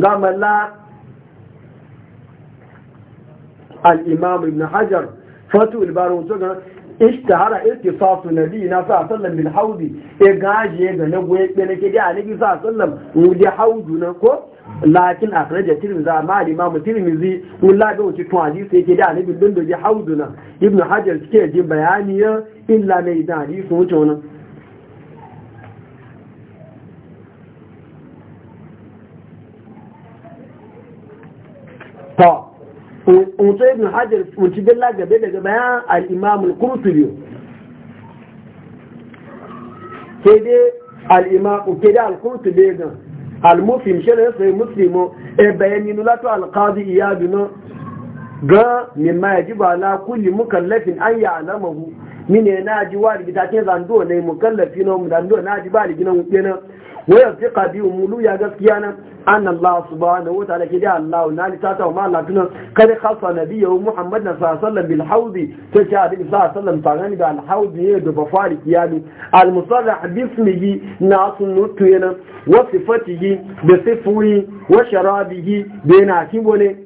ga malla al-imam ibn hajar fatu ilbarin wasu ishtahara ittisasu nabi na sa sallam bil haudi e gaje ga na goye ke nake da anabi sa sallam wudi haudu na ko lakin akhraja tirmizi amma imam tirmizi wala da wuce to hadisi yake da anabi din da haudu na ibnu hajar ke ji bayani illa mai da hadisi wuce wannan ta wato ibn hajar mutu billa gabe daga bayan al'imamul kurtubi ke de dai al'imamu ke de al-kurtubi ga al-muslim shirin sai muslimu e bayani nulato al-qadi iyadu na ga mimma ya ji ba la kulli mukallafin an ya alamahu mine na ji wa da bitakin zando ne mukallafi na mu zando na ji ba da gina waya fiqa biyu umulu ya gaskiya nan an Allah subhanahu wa ta'ala kidi Allah na li ta ta ma Allah tunan kada khassa nabiyyu Muhammad sallallahu alaihi wasallam bil haudi ta ce abi sallallahu alaihi wasallam tangani da al haudi ya da bafari kiyani al musarrah bi ismihi na sunutu yana wa sifatihi da sifuri wa sharabihi da yana kibone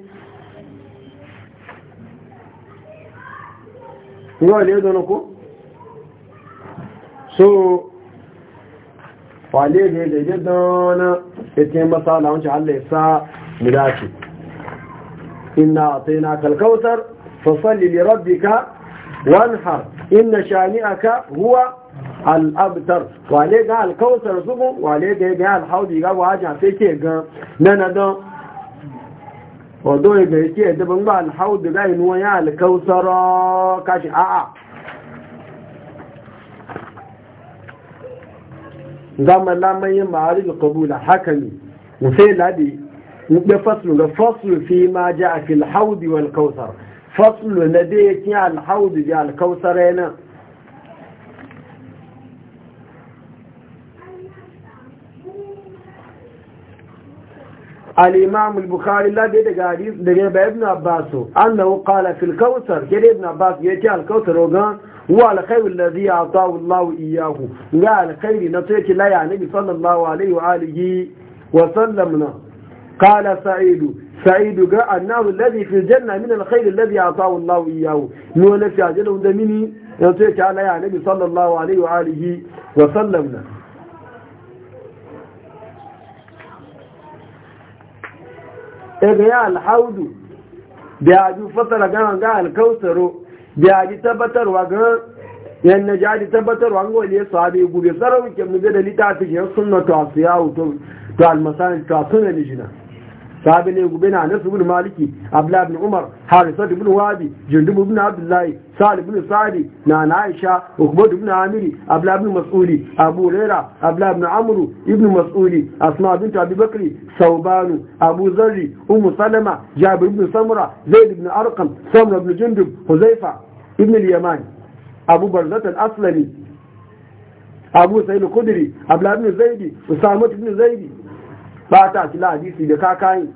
ngo le dono ko so wale ne da ya dana ita yin masa da wancan Allah ya sa mu dace inna atayna kalkautar fasalli li rabbika wanhar inna shani'aka huwa al'abtar wale ga alkautar zugun wale ga ga alhaudi ga wajen sai ke ga nana don odo ga yake da ban ba alhaudi ga inuwa ya alkautara kashi a'a zama laman yin ma'arif qabula hakami musai labi ya faslu ga faslu fi ma a fil haudi wal kausar faslu na da yake al haudi da al kausar yana الإمام البخاري لا بيد قاريس لغير ابن عباس أنه قال في الكوثر كده ابن عباس يتي الكوثر وقال huwa alkhairu alladhi ata'ahu Allahu iyyahu ga alkhairi na to yake la ya nabi sallallahu alaihi wa alihi wa sallamna qala sa'id sa'id ga annahu alladhi fi aljanna min alkhairi alladhi ata'ahu Allahu iyyahu ni wala fi ajala unda mini na to yake la ya nabi sallallahu alaihi wa alihi wa sallamna ega ya alhaudu da ya ju gan ga alkautaro da ji tabbatarwa ga yan na ji tabbatarwa ga wani yasa da ya gube sarari ke mu da littafin ke suna to asiya to to almasan to suna ne jina ne gube na nasu bin maliki abdullahi bin umar harisat bin wabi jundubu bin abdullahi sa'ad bin sa'di na na aisha hukumar bin amiri abdullahi bin abu rera abdullahi bin amru ibn mas'udi asma bin tabi bakri saubanu abu zarri umu salama jabir bin samura zaid bin arqam samra bin jundub huzaifa ibn al-yaman abu barzat al-aslami abu sa'id al-khudri abdullah ibn zaidi usama ibn zaidi ba ta ci hadisi da kakai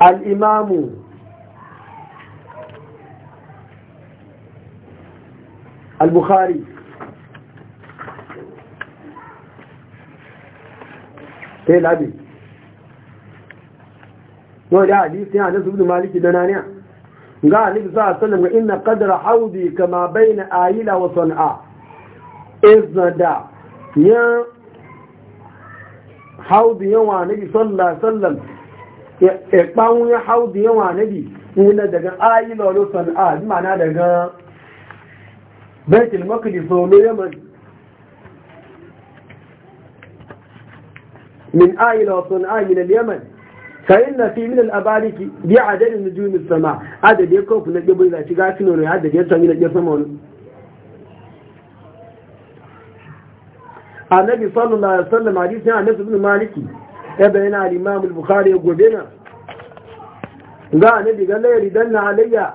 al-imamu al-bukhari sai labi yau da hadisi yana da su maliki da naniya ga alif za a ga ina kadar haudi kama bayna ayila wa izna da ya haudi yawa nabi sallallahu wasallam ya ɓawun ya haudi yawa nabi wuna daga ayila wa sana'a bi daga baitul maqdis sau ne yaman min ayila wa sana'a min al-yaman Ka yi na filin abariki biyu a daidin da na duk musulma. Adadin ya kofi na jabi za shiga shi ne ya daidai ta sama wani. A nabi'u sallallahu alaihi wa sallam, Hadiza na yi maliki. Eba yana alimamin bukari gobe nan. Nga a nadi gan layari dan na halayya.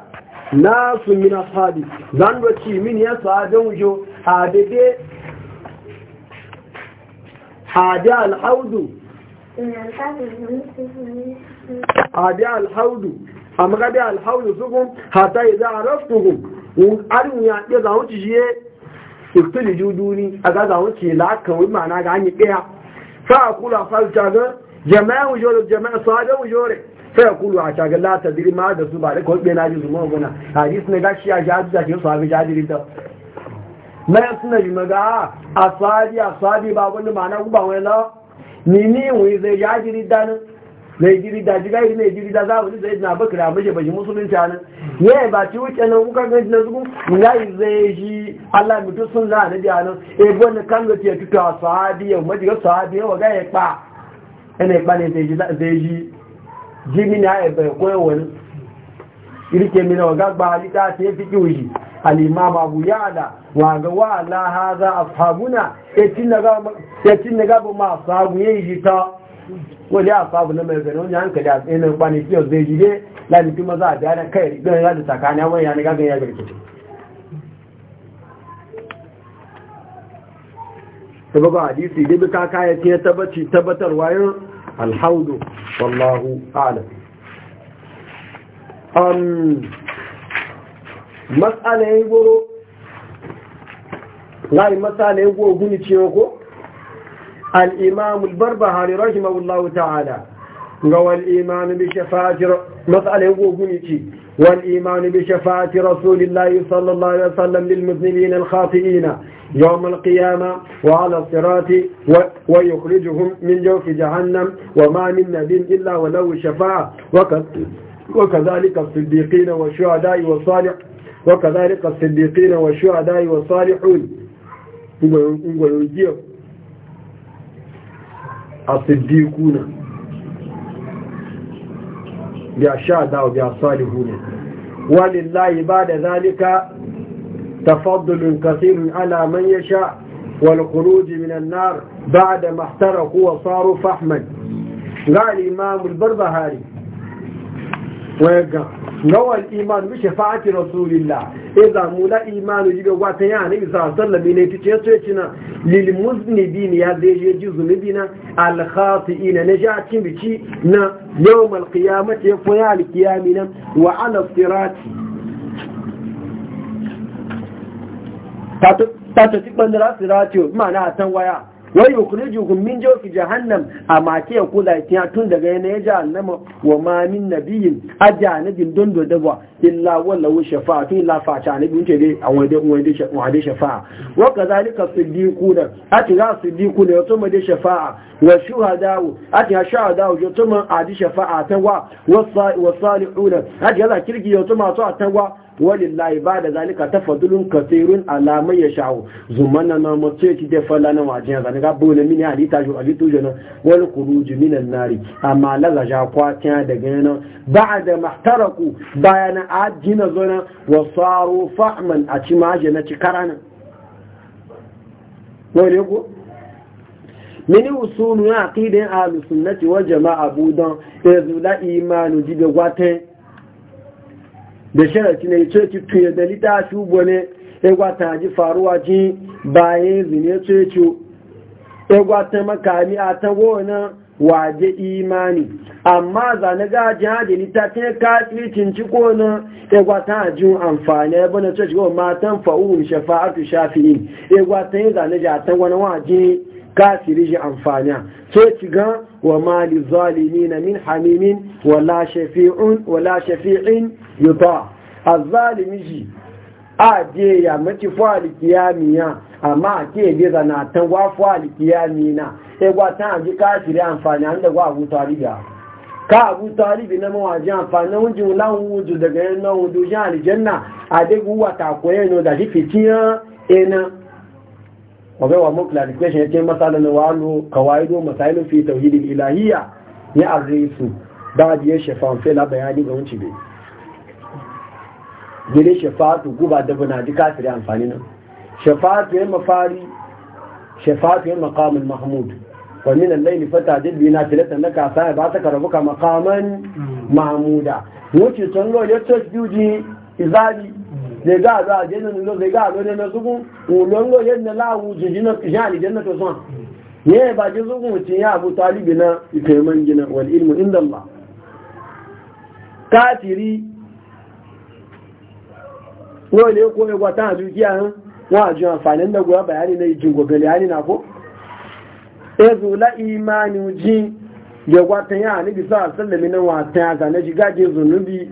Na sumbina kwali. Zan ɗauki mini ya sa dan wuƙe. Habe al'adu. abi alhaudu amma ga bi alhaudu sukum hatta idza araftukum un arin ya ke za mu ciye iftili juduni aga za mu ci la kan wi mana ga anyi daya fa akula falta ga jama'a wujore jama'a sada wujore fa akulu a ta ga la ta diri ma da su ba da ko be na ji su mu gona hadis ne gashi ya ja da ke sahabi jadiri ta mai suna jimaga asadi asadi ba wani ma'ana ku ba wani la Nini wai zai ya jiri danin zai jiri da jiga yi ne jiri da za mu ji zai na bakira mace bashi musulunci nan ya ba ci wuce nan kuka ganci na zuku nga yi zai ji allah mutu sun na na biya nan e gwani kan ga ya tutu a ya yau majiga sahabi yau ga ya kpa ina kpa ne zai ji jimini a ebe koyo wani irike mina waga gbali halitta ta ya fi kiwuji al'imam abu ya'ala wa ga wa ala haza ashabuna yakin na gaba ma ashabu ya yi jita wani ashabu na mai gani wani hankali a tsaye na kwanaki fiye zai jide lalitin maza a bayanan kai don ya da a wani yanar gagan ya garkice ta hadisi da bi kaka ya ce tabbaci tabbatar wayar alhaudu wallahu alam um, مساله يقول goro gari matsala ya goro guni ciyo ko al'imamul barbahari rahimahullahu ta'ala ga bi shafa'ati والإيمان بشفاعة رسول الله صلى الله عليه وسلم للمذنبين الخاطئين يوم القيامة وعلى الصراط ويخرجهم من جوف جهنم وما من نبي إلا وله شفاعة وكذلك الصديقين والشهداء والصالحين وكذلك الصديقين والشهداء والصالحون ويجيب الصديقون بالشهداء وبالصالحون ولله بعد ذلك تفضل كثير على من يشاء والخروج من النار بعد ما احترقوا وصاروا فحما قال الإمام البربهاري ويقع نوع الإيمان بشفاعة رسول الله إذا مولا إيمان جيبه واتيانا إذا صلى بنا تتشيطينا للمذنبين يا ديجي جزء مبينا الخاطئين نجاتين بشي نا يوم القيامة يفويا لقيامنا وعلى الصراط تاتو تاتو تيك بندرا صراط معنى أتنوايا wai yukhrijukum min jawfi jahannam amma ke kula tiya tun daga yanayin jahannama wa ma min nabiyyin ajanibin dondo dabwa illa wallahu shafa'atu illa fa'ata nabi mun ce dai an wai dai wai dai shafa'a wa kadhalika siddiquna atiga siddiquna ya ma dai shafa'a wa shuhada'u atiga shuhada'u yato ma adi shafa'a ta wa salihuna atiga kirgi yato ma to tawa walillahi ba da zalika ta fadulun kasirun alamai ya sha'o zumana na mace ki da falla na wajen zane ga bu na mini halitta jo halittu jo na wal khuruju nari amma la za ja kwatin ba a da mahtaraku bayana ajina zana wa tsaro fahman a ci maje na ci karana wani ku mini usulu na aqidan ahlus sunnati wal jamaa budan yazula imanu dibe gwatin da sharaci ne ce ki tuye da litafi ugbo ne egwata ji faruwa ji bayan zine ce ce egwata makami a ta gona waje imani amma zane gajin hajji ta kafircin ci kona egwata hajjin amfani ya bane ce ce matan fa'uhun shafa'atu shafi'in egwata yin zane jatan wani waje kafiri ji amfani ce ci ga wa mali zalimi na min hamimin wala shafi'in yuta a zalimi ji a je ya mace fuhari kiyamiya amma a ke bi zana ta wa fuhari kiyamina na e gwa ta ji kafiri amfani an da gwa abu talibi ka abu talibi na mawaji amfani wujin lan wuju daga yanar wudu jan aljanna a dai guwa takoye no da shi fitiyan ena wabai wa mun clarification ya ce masala na walu kawaido masailun fi tauhidin ilahiyya ya su. ba a biyar shafa'an fela bayani ga wuce bai gire shafatu guba da na ji kafiri amfani nan Shafatu ya mafari shafa'atu ya makamun mahmud wa min al-layli fatajid bina tilatan kasa ya ba ta karabuka makaman mahmuda wuce tun lo ya touch izali zai ga zuwa a jenin nuno zai ga a lone na zugun ulon lo yadda lawu jijina jihani janna to son ne ba ji zugun mutum ya abu talibi na ikaiman gina wal ilmu inda Allah kafiri lo le ko e gwata a dukiya han wa ajun amfanin da goya bayani na ijin gogale hani na ko ezu la imani ji ya gwata ya ni bisa sallami na wata ga na jigaje zunubi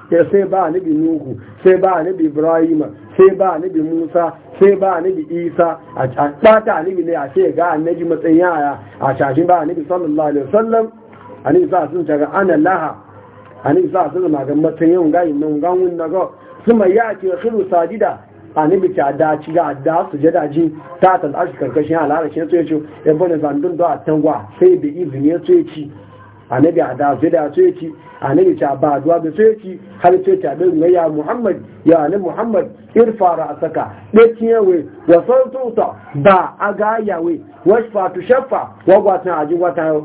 sai ba nabi nuhu sai ba nabi ibrahima sai ba nabi musa sai ba nabi isa a bata nabi ne a ce ga annabi matsayin yaya a shashin ba nabi sallallahu alaihi wasallam ani sa sun ta ga ana laha ani sa sun ma ga matsayin ga nan gawun na ga kuma ya ce khiru sadida annabi ta da ci ga da su jada ji ta ta arshi karkashin alarashin sai ya ce ya bane zandun da tangwa sai bi izini ce ci annabi a da su da su yake annabi ta ba duwa da su yake har sai ta da ne ya muhammad ya annabi muhammad irfa ra'saka dakin yawe wa santuta ba a aga wa washfa tu shafa wa gwatan aji gwatan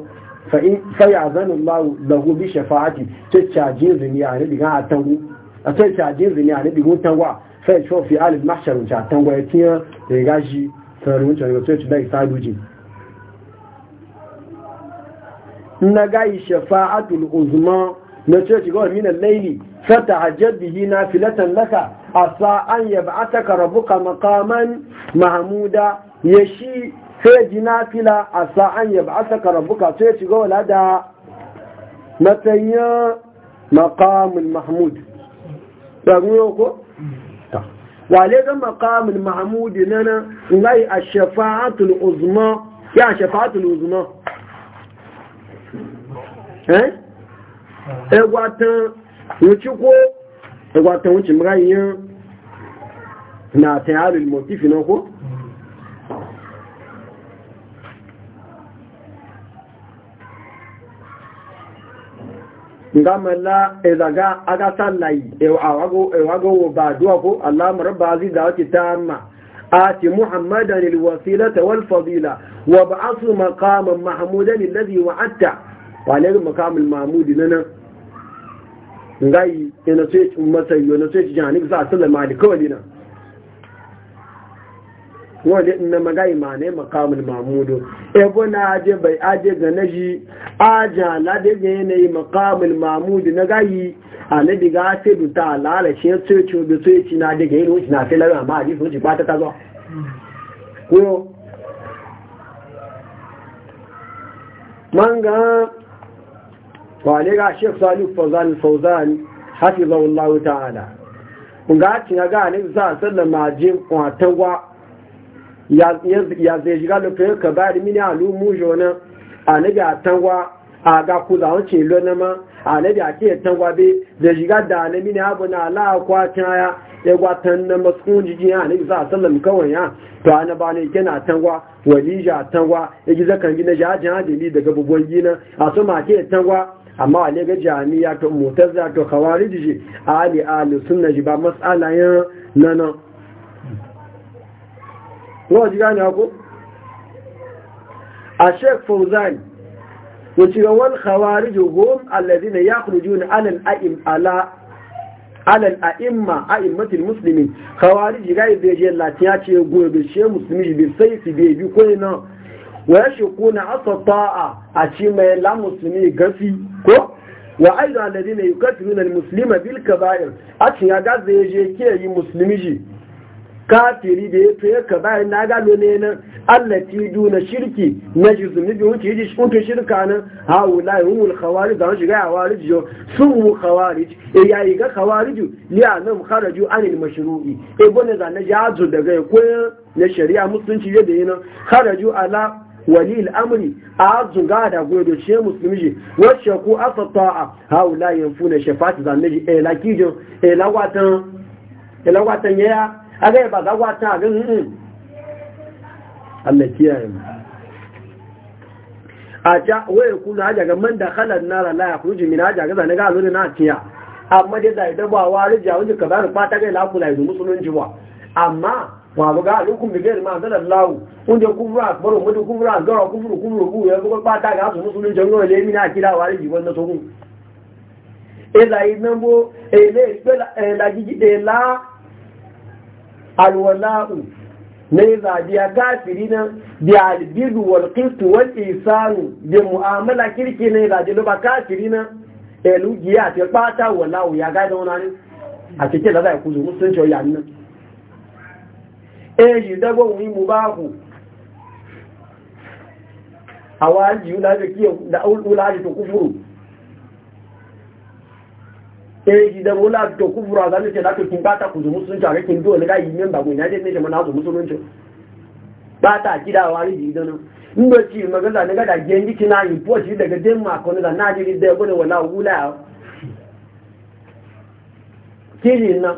fa in fa ya'zanu allah lahu bi shafa'ati ta cajin zuniya ne diga a tangu a ta cajin zuniya ne diga tangwa fa shofi alif mahshar ta tangwa yakin rigaji sarunta ne sai ta da isaduji na gayi shafa'atul uzma na ce ci gawar minan laili fata hajjar bihi na filatan laka a sa'an ya ba ta karabuka makaman mahamuda ya shi sai ji na fila a sa'an ya ba ta karabuka sai ci gawar da matsayin makamun mahmud ɗaruwa ko? wale zan makamun mahamudu nana ngai a shafa'atul uzma ya shafa'atul uzma Ah. egwatan wuciko egwatan wucin rayin na tayarul motifi na ko nga mala ezaga aga sallai ewago ewago ba duwa ko Allahumma rabba aziz da wati tamma ati muhammadan alwasilata wal fadila wa ba'athu maqaman mahmudan alladhi wa'atta walayar makamul mamudi na nan ngayi yana so ya masa yi yana so ya ci janik za a sallama da kawai na wani na magayi ma ne makamul mahmudu ebo na aje bai aje ga na shi aja na daga yanayi makamul mamudi na gayi a na diga sai duta alala shi ya tsoye ciwo da tsoye ci na daga yin wuce na filar amma a jisun ci kwata ta zo kuyo manga wale ga shek salu fauzan fauzan hafiza wallahu ta'ala kun ga cin ga ne za sallama je kwatawa ya ya zai shiga lokacin ka ba da mini alumu jona anabi atanwa aga ku za on ce ma anabi ake tanwa be zai shiga da alami ne abu na ala kwa taya ya gwatan na masu jijin ya ne za a sallam kawai ya to ana ba ne gina tangwa walija tangwa ya gi kan gina jajin hajjali daga bugon gina a su make tangwa amma a lega jami'a to za to kawari jiji ali ali na ji ba matsala yan nanan wọ́n ji gani ako a sheikh fauzan wacce ga wal khawarij hum ya yakhrujuna juna al-a'im ala alal a'imma a'immatul muslimin khawarij ga zai je latiya ce gobe she musulmi bi saifi bi bi ko ina wa yashkuna asata'a a ci mai la musulmi gafi ko wa aidan alladhina yukathiruna almuslima bil kaba'ir a ci ga zai je ke yi musulmi kafiri da ya fiye ka bayan na galo ne nan Allah ti duna shirki na ji bi wuce yi shirka shirka nan ha wula yi khawarij da shiga ya warij yo sun khawarij e ya yi ga khawariju li anam kharaju anil mashru'i e bone da na jazu daga ko na shari'a musulunci yadda yana kharaju ala wali amri a zunga da goyo ce musulmi ji wacce ku asa ta'a haula yanfu na shafati zanne ji elakijin elawatan elawatan yaya a ga ba gawa ta ga mm Allah kiyaye mu a ja waye kula haja ga man da khalan nara la yakhruju min haja ga zane ga alwani na tiya amma dai zai dabawa warija wanda ka ba fata ga la kula yi musulunci ba amma wàbọ̀ gáà ló kún bèbè ìrìnmà àtẹ́lẹ̀ láwù oúnjẹ kúrò àpọ̀rọ̀ mọ́tò kúrò àgọ́rọ̀ kúrò le, la. E alwala'u ne zabiya kafiri na bi albidu wal qistu wal isanu bi mu'amala kirki ne zabi ba kafiri na elu giya ti pata wala'u ya ga da wani a cikin da zai kuzo musulunci ya nan eh yi dago mu mu ba ku awaji da kiyo da ulaji to kufuru e da wula to kufura ga nace da kin bata ku musulunci a ndị dole ga yi men ba gun yaje ne jama'a ku musulunci bata gida wari ji dano ndo ci magaza ne ga da gengi kina yi po ci daga Denmark ko da na ji da gode wala wula kiri na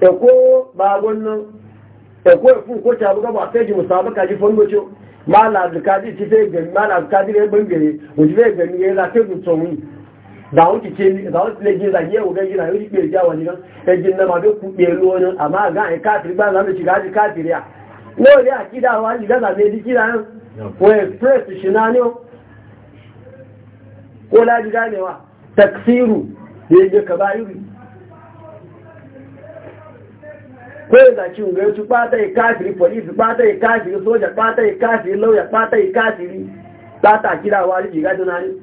eko bagon nan eko efun ko ta buga ba eji ji musabaka ji fongocho mala abdulkadir ci sai gani mala abdulkadir ya bangare egbe ji sai egbe ya za ta gutsomi Da zawon kike zawon tilege zage yau gaji na yau kike jawo ne kan ejin na ma be ku be lo ne amma ga ai kafiri ba za mu shiga ji kafiri ya no ne a. akida wa ji ga zabe di kira ko express shinani ko la ji ganewa taksiru ne ga kabairu ko da ki unga su pata e kafiri police pata e kafiri soja pata e kafiri lawyer pata e kafiri pata akida wa ji ga dunani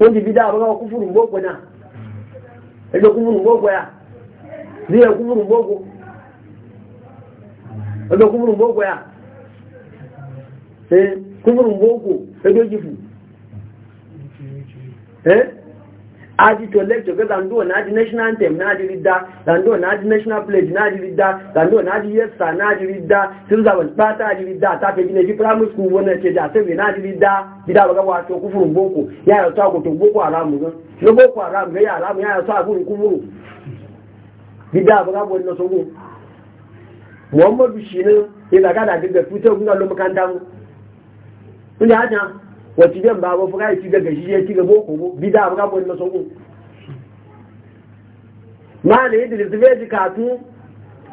wanda bida ba ga kufurin boko na da kufurin mbogo ya zai ya kufurin boko da kufurin boko ya eh kufurin mbogo, da dogifu eh aji to lecture ga zando na aji national anthem na aji ridda zando na aji national pledge na aji ridda zando na aji yesa na aji ridda sun zaba ba ta aji ridda ta ke gina ji primary school wani ce da sai na aji ridda gida ba wato kufurin boko ya ya ta ko to boko haram ga no boko haram ne ya haram ya ya ta ko kufuru gida ba ga wannan so go muhammadu shine ila ga da ga fitar kuna lo makanda mu kun ya wacce jan ba mafi ga ci daga shi ya ci gaba bi da abu gabon na soko ma ne yadda da zube ji katu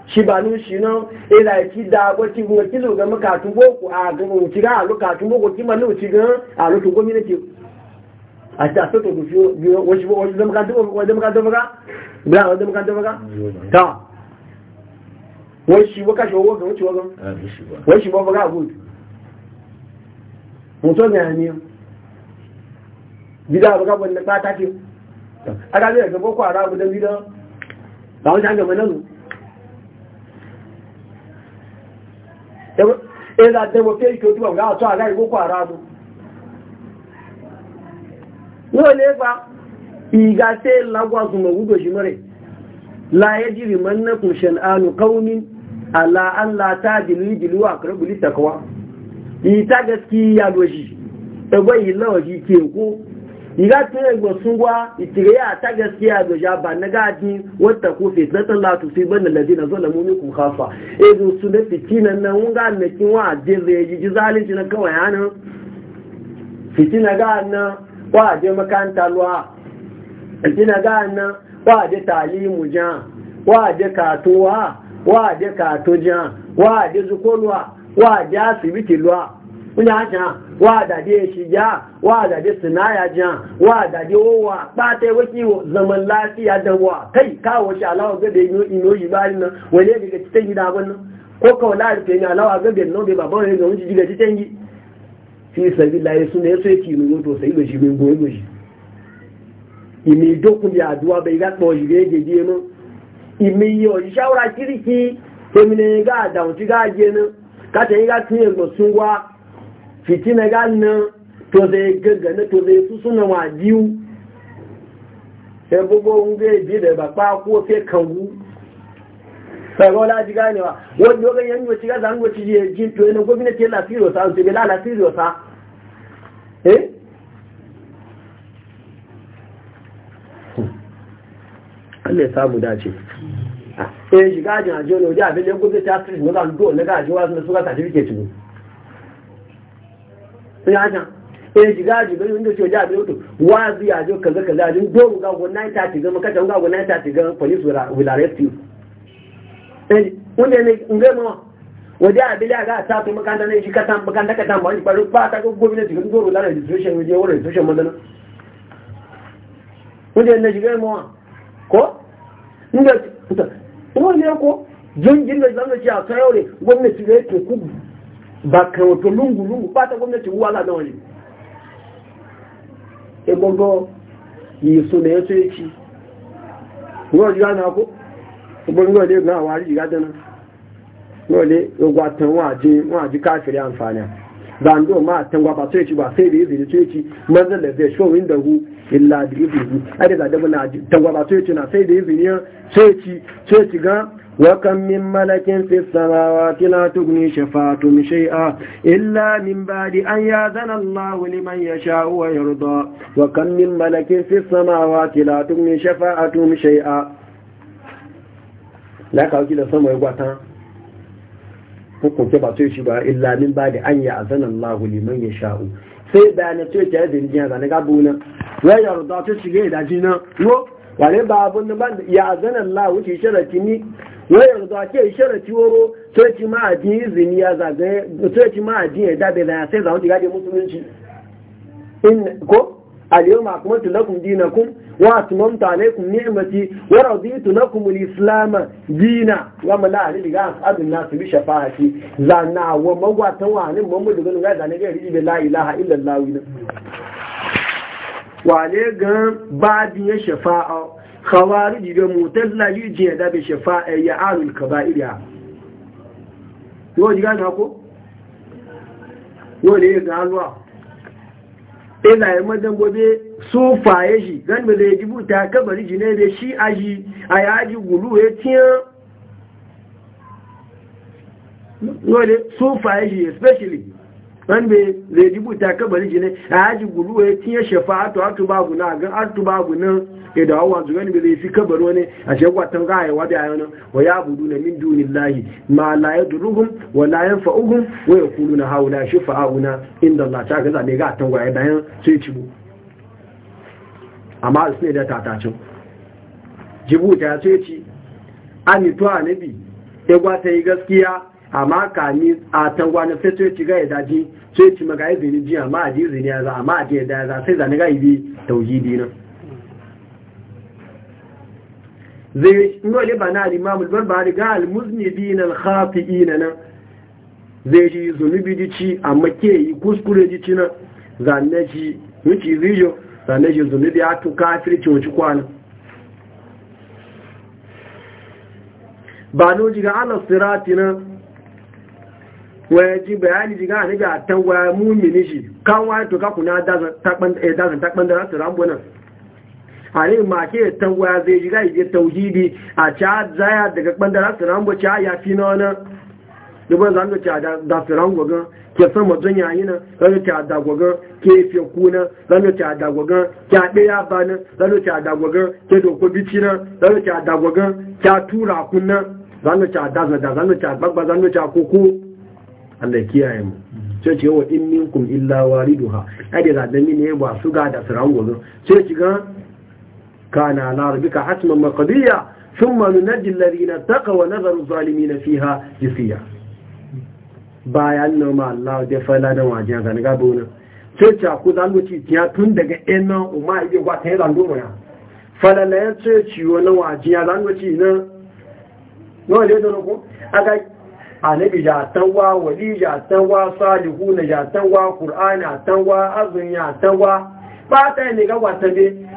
shi ba nu shi nan ila ci da wacce kuma kilo ga makatu boko a gaba wuci ga alu katu boko kima na wuci ga alu to gwamnati a ta to ku fi wacce ba wacce zama katu boko wacce zama katu boko wacce zama katu boko ta wacce ba wacce wacce ba ba ga abu mutum ne ne gida abu gabon na ɓata ce a ga da gaba kwara abu don gida ba wani an gaba nanu e za ta mafi yi kyautu ba ga wasu a ga igbo kwara abu wale iga sai lagwa su magudo shi mare la ya jiri mannakun shan'anu kaunin ala an la ta bilibiluwa karbi takawa. gaski gaskiya loji ɗagwai yi lawaji ke ko iga tun egbo sun gwa itiriya ta gaskiya da ja ba na gadi wata ko fitnatan la tu sai banda na zola mumi kun kafa ezo su da fitina na wunga na kin wa de zai ji na kawai hana fitina ga na wa de makanta luwa ga na wa de talimu ja wa de katuwa wa de katuja wa de zukolwa wa da asibiti luwa wọ́n jẹ́ wa àdàdé ṣìyá wọ́n àdàdé sinaya wa wọ́n àdàdé wọ́wà pàtẹ́ wọ́kí zaman lafiya da wà kai kawo shi aláwọ̀ gẹ́gẹ́ inú yìí bá rí náà wọ́n lè gẹ́gẹ́ títẹ́ yìí dáwọn náà kó kọ̀ọ̀ láàrín ga aláwọ̀ gẹ́gẹ́ náà bẹ bàbá rẹ̀ gẹ́gẹ́ jíjẹ́ títẹ́ yìí fi sẹ̀bí láyé súnà ẹ̀sọ́ èkì ìlú tó sẹ́ ìlò ṣìgbìn gbò ìlò yìí ìmì ìdókun bí àdúrà bẹ ìgbàpọ̀ ìrẹ́ gẹ́gẹ́ mọ́ ìmì ìyọ̀ ìṣàwọ́ra kíríkì tẹ̀mìnà gáàdà òtí gáàjẹ́ náà kata yi gati yin sun gwa fitina ganin to zai gaggane to zai su suna wa biyu sai e gbogbo nge bi e? hm. da kpa ko fe kangu sọ̀rọ̀ láti gáàníwá wọ́n ni ó gẹ́yẹ́ ní òṣìṣẹ́ ìgbà ńgbò ti yẹ jí tó ẹnu gómìnà tí láti ìrọ̀sá ń tèbè láti ìrọ̀sá eh Allah ya samu dace Ah. eh shiga ajin ajiyo ne wajen abin gobe ta na zan dole na ga ajiyo wasu na suka certificate ne sai ajan eh ce wazi ajiyo kaza kaza ajin ga gona 930 ga gama kacce ga police will arrest you eh wanda ne ngema waje a biliya ga ta to makanta ne shi ka san makanta ka tambaye ba ba ta ga gwamnati cikin zuwa lalata registration waje registration wọ́n lè kó jirgin da zanga ci a sayau ne gwamnati da yake kudu ba kawato lungu-lungu gwamnati wala na wani e gbogbo yi so na yato ya wọ́n rí kó gbọ́n ndo ma tangwa ba sai ci ba sai da izini sai ci manzan da zai show da hu illa bi izini A da dabu na tangwa ba sai ci na sai da izini sai ci sai ci ga wa kan min malakin fi samawati la tughni shafa'atuhum shay'a illa min ba'di an ya'zana Allah liman sha wa yarda wa kan min malakin fi samawati la tughni shafa'atuhum shay'a la ka ki da sama ya gwata hukunce ba sai shi ba illa min ba da an yi azana Allah liman ya sha'u sai da na ce ke yadda ya zane gabu na ya yarda ta shige da jina yo wale ba abun da ban ya azana Allah wuce sharati ni ya yarda ke sharati woro sai ci ma addini izini ya zagaye sai ci ma addini da da sai za mu ga musulunci in ko اليوم أكملت لكم دينكم وأتممت عليكم نعمتي ورضيت لكم الإسلام دينا وما لا أهل لغا أصحاب الناس بشفاعتي زانا وموا تواني ممو دغن غا زانا غير إلا لا إله إلا الله وينا وعليه بعد شفاعة خوارج لا يجي هذا بشفاعة يعال الكبائر يا يوجد غا نقول يوجد غا نقول ina yi madan gobe su faye shi gan da zai jibu ta kabari jine ne da shi aji a aji gulu ya tiyan wale su faye shi especially gan da zai jibu ta kabari jine ne a yaji gulu ya tiyan shafa atu atu babu na gan atu babu nan Idan eh, da hawa zuwa ne zai fi kabar wani a shagwatan ga haihuwa da ayyana wa ya budu na min duni lahi ma la ya duruhun wa na, ya fa'uhun wa ya kulu na haula shi fa'auna inda Allah ta gaza ne ga tangwaye bayan sai cibu amma su ne da tatacin ta ya sai ci an yi tuwa na bi ya gwata yi gaskiya amma ka ni a tangwa na sai ci ga yadda ji sai ci maga zini ji amma a ji izini ya za amma a ji yadda daya za sai zane ga bi tauji nan zai nole ba na alimamul barbari ga almuznibin na nan zai shi zunubi dici amma ke yi kuskure dici nan na ji wuci zijo zanne zunubi a to kafirci wuci kwana ba no jiga ala sirati na waya ji bayani jiga a nabi a tangwaya mummini shi kan waya to kakuna dazan takbandara eh, su rambo nan ale ma ke tawa zai ji gai je tauhidi a cha zaya daga bandara surango cha ya fi na wannan duban zan ga cha da surango ga ke san mutun yayi na zan cha da gogan ke fi kuna zan cha da gogan ke ade ya bana zan cha da gogan ke doko bici na zan cha da gogan ke tura kunna zan cha da zan zan ga babba zan ga koko Allah kiyaye mu sai ce wa in minkum illa waliduha ai da da ne ba su ga da surango sai ci ga كان على ربك حتما مقضية ثم ننجي الذين اتقوا ونذر الظالمين فيها جثيا bayan nan Allah da fala da wajen zan ga sai ta ku zan wuce tiya tun daga ina umma ibe gwa ta zan do mana fala la yace ciwo na wajen zan wuce na no le don ko aga annabi ja tanwa wali ya tanwa salihuna ya tanwa qur'ana tanwa azun ya tanwa ba ta ne ga wata be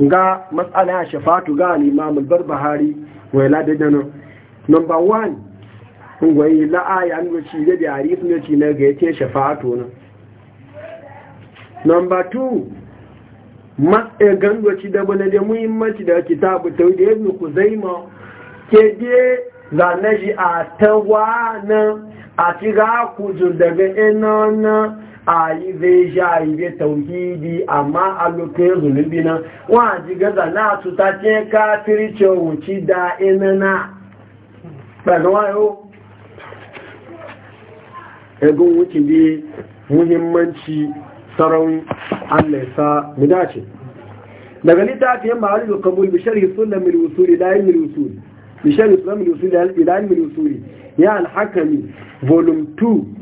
ga matsala shafatu ga al-imam al-barbahari wai la da dano number 1 wai la'aya aya ci wuce da jari sun ci na ga yace shafatu nan number 2 matsa eh, gangoci da bane da muhimmanci da kitabu tawhid zai ma. ke je zanaji a nan a tira kujun daga nan a yi zai sha yi bai tauhidi amma a lokacin zunubi nan wa ji gaza na su ta ce ka kafirce wuci da inana ɓanawayo ebin wuci bi muhimmanci sarauni allah sa mu dace daga littafin ma'ari da kabul bishar sunan mil wusuri da yin mil wusuri bishar sunan mil wusuri da yin mil wusuri ya alhakami volume 2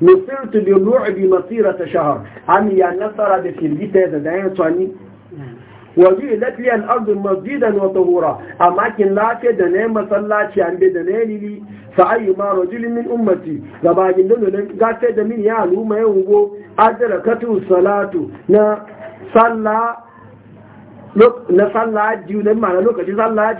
nusirtu bi ru'bi masirata shahar. an ya nasara da firgita da dayan tsani waje lafi al'adu masjidan wata hura a makin lafiya da na yi masallaci an bai da na yi lili sa'ayi ma rajulun min ummati gabagin dalilan gafe da min ya al'umma ya hugo adara katu salatu na sallah na sallah ajiyu na mana lokacin sallah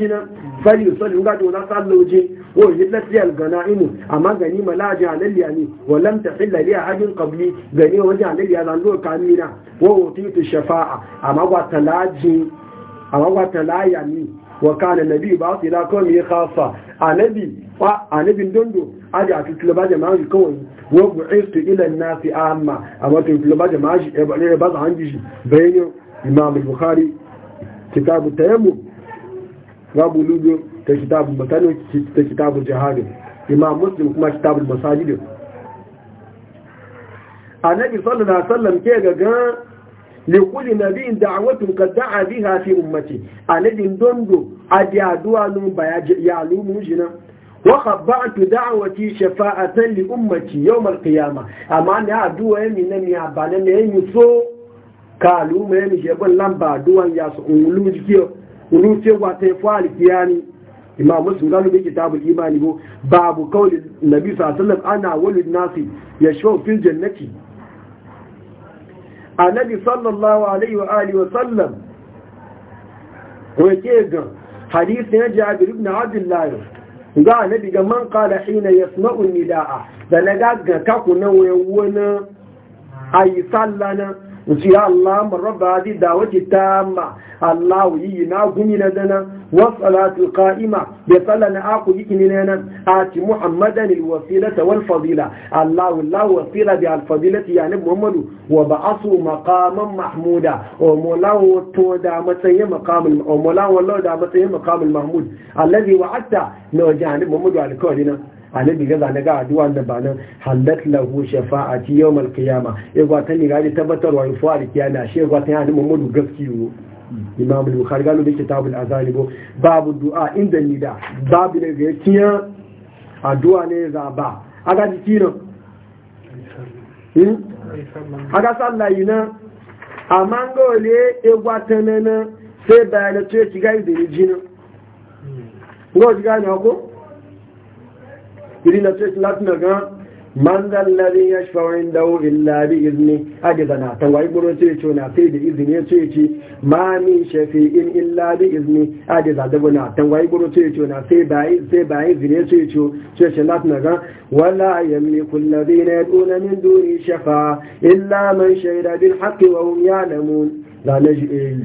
fali yusali ga dona sallauje wa yillat lil ganaimu amma gani malaji halalli ani wa lam tahilla li ahadin qabli gani wajen halalli ya zando kamina wa utitu shafa'a amma wa talaji amma wa talaya ni wa kana nabi ba su ila kawai mai khafa anabi wa anabin dondo aji a tutula ba jama'a shi kawai wa bu'istu ila nasi amma amma tutula ba jama'a shi ba za hanji shi bayani imam al-bukhari kitabu tayammum babu lugu ta kitabu batano ta kitabu jihadin imam muslim kuma kitabu masajid annabi sallallahu alaihi wasallam ke gaga li kulli nabiyin da'watun kad da'a biha fi ummati annabi dondo adi addu'a nun bayaji ya lu jina wa khabba'tu da'wati shafa'atan li ummati yawm al-qiyamah amma ne addu'a yin nan bana ne yusu so ka lumu yin jebon lamba addu'an ya su ulu jikiyo ulu ce wa ta fa alkiyani imam muslim gano bi kitabul imani go babu kauli nabi sallallahu alaihi wasallam ana walid nasi yashu fil jannati annabi sallallahu alaihi wa alihi wa sallam wace ga hadisi na jabir ibn abdullah ga annabi ga man qala hina yasma'u nidaa da na ga ga kakunan wani ayi sallana وسي الله مربع دي دعوه تامه الله يينا غني لنا والصلاه القائمه بفلنا اكو يكني لنا ات محمد الوسيله والفضيله الله الله وسيله دي الفضيله يعني محمد وبعثه مقاما محمودا ومولاه تو دا متي مقام المولا والله دا متي مقام المحمود الذي وعدته لو جانب محمد عليه الصلاه annabi ga zane ga addu'a da ba nan halat lahu shafa'ati yawmal qiyama ya e gwa ta ni gaji tabbatar wa fuwa da kiyama shi e ya gwa ta hadu mamudu gaskiyo imam al-bukhari galo da kitabul azani go babu du'a inda ni da babu ne ga kiyan addu'a ne za ba aga dikino hmm aga sallayi na amma ngole egwa tanana sai bayanatu ya ci gari da ni jinin ngo ji gane ko biri na cikin latin gan! man zallari ya shafa wani dawo illa bi izini ajiza na ta wai guro ce ce na sai da izini ce ce ma min shafi in illa bi izini ajiza da na ta wai guro ce ce na sai bai sai bai izini ce ce ce ce latin daga wala yamliku ya yad'una min duni shafa illa man shahida bil haqqi wa hum ya'lamun la naj'i eh,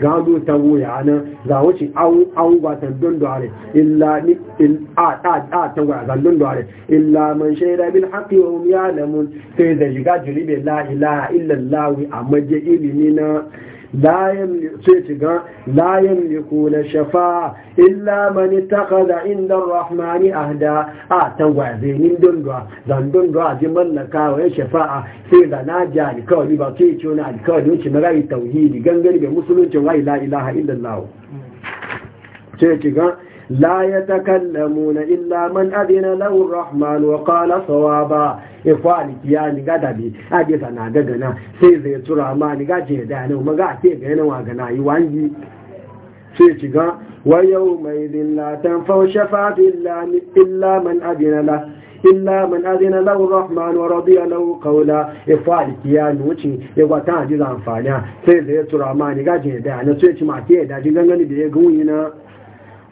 gado ta wuya na za wuce an gwatan don dore illa ni a ta gwatan don dore illa man shaida bil haqqi wa hum ya'lamun sai da shiga jiribe la ilaha illa allah ilimi na la yamliku na shafa'a illa man ittakhadha inda ar-rahmani ahda a tangwaze nin zan dan dondwa ji mallaka wa shafa'a sai da na ji alkawari ba sai ce wani alkawari wuce na rayu tauhidi gangare da musulunci wa la ilaha illallah sai ce ga لا يتكلمون إلا من أذن له الرحمن وقال صوابا إفعالي كياني قد أبي أجيس أنا قدنا سيزي ترى ما نقاجه دعنا وما قاعتي قينا وقنا يوانجي سيشيقا ويومئذ لا تنفع شفاة إلا من أذن له إلا من أذن له الرحمن ورضي له قولا qawla ifali kiyani wuce ya gwata سيزي amfani sai zai tura mani gajin da na sai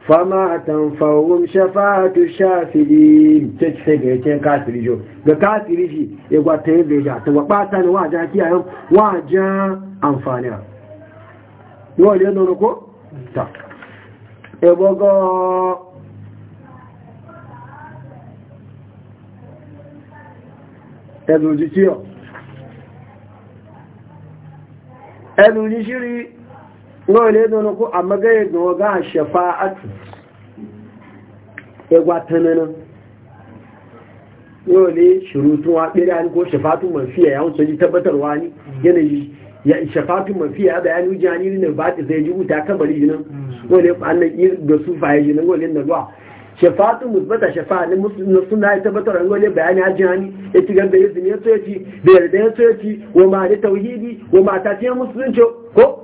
fama tanfawun shafa'atu shafi'in ce ce ga yake kafiri jo ga kafiri shi ya gwata yin beja ta gwaba ta ne wajen kiyayen wajen amfani a yau da yadda ko? ta ebogo ẹ̀dùn jíkíọ̀ náà ilé ìdánà a àmọ́gẹ́ ìgbọ̀n ọgá àṣẹfà àtù ẹgbà tanana yóò lè ṣòro tó wá pẹ́rẹ àníkó ṣẹfàtù mọ̀fí ẹ̀ àwọn sọ́jí tabbatar wá ní yanayi ya ṣẹfàtù mọ̀fí ẹ̀ abẹ́ ẹni jẹ́ ní da bá ti sẹ́ jí wùta kábàrí yìí náà shafatu musbata shafa ne na suna ya tabbatar an gole bayani a e ya ci ya da yarda ya wa ma tauhidi wa ma ta ce musulunci ko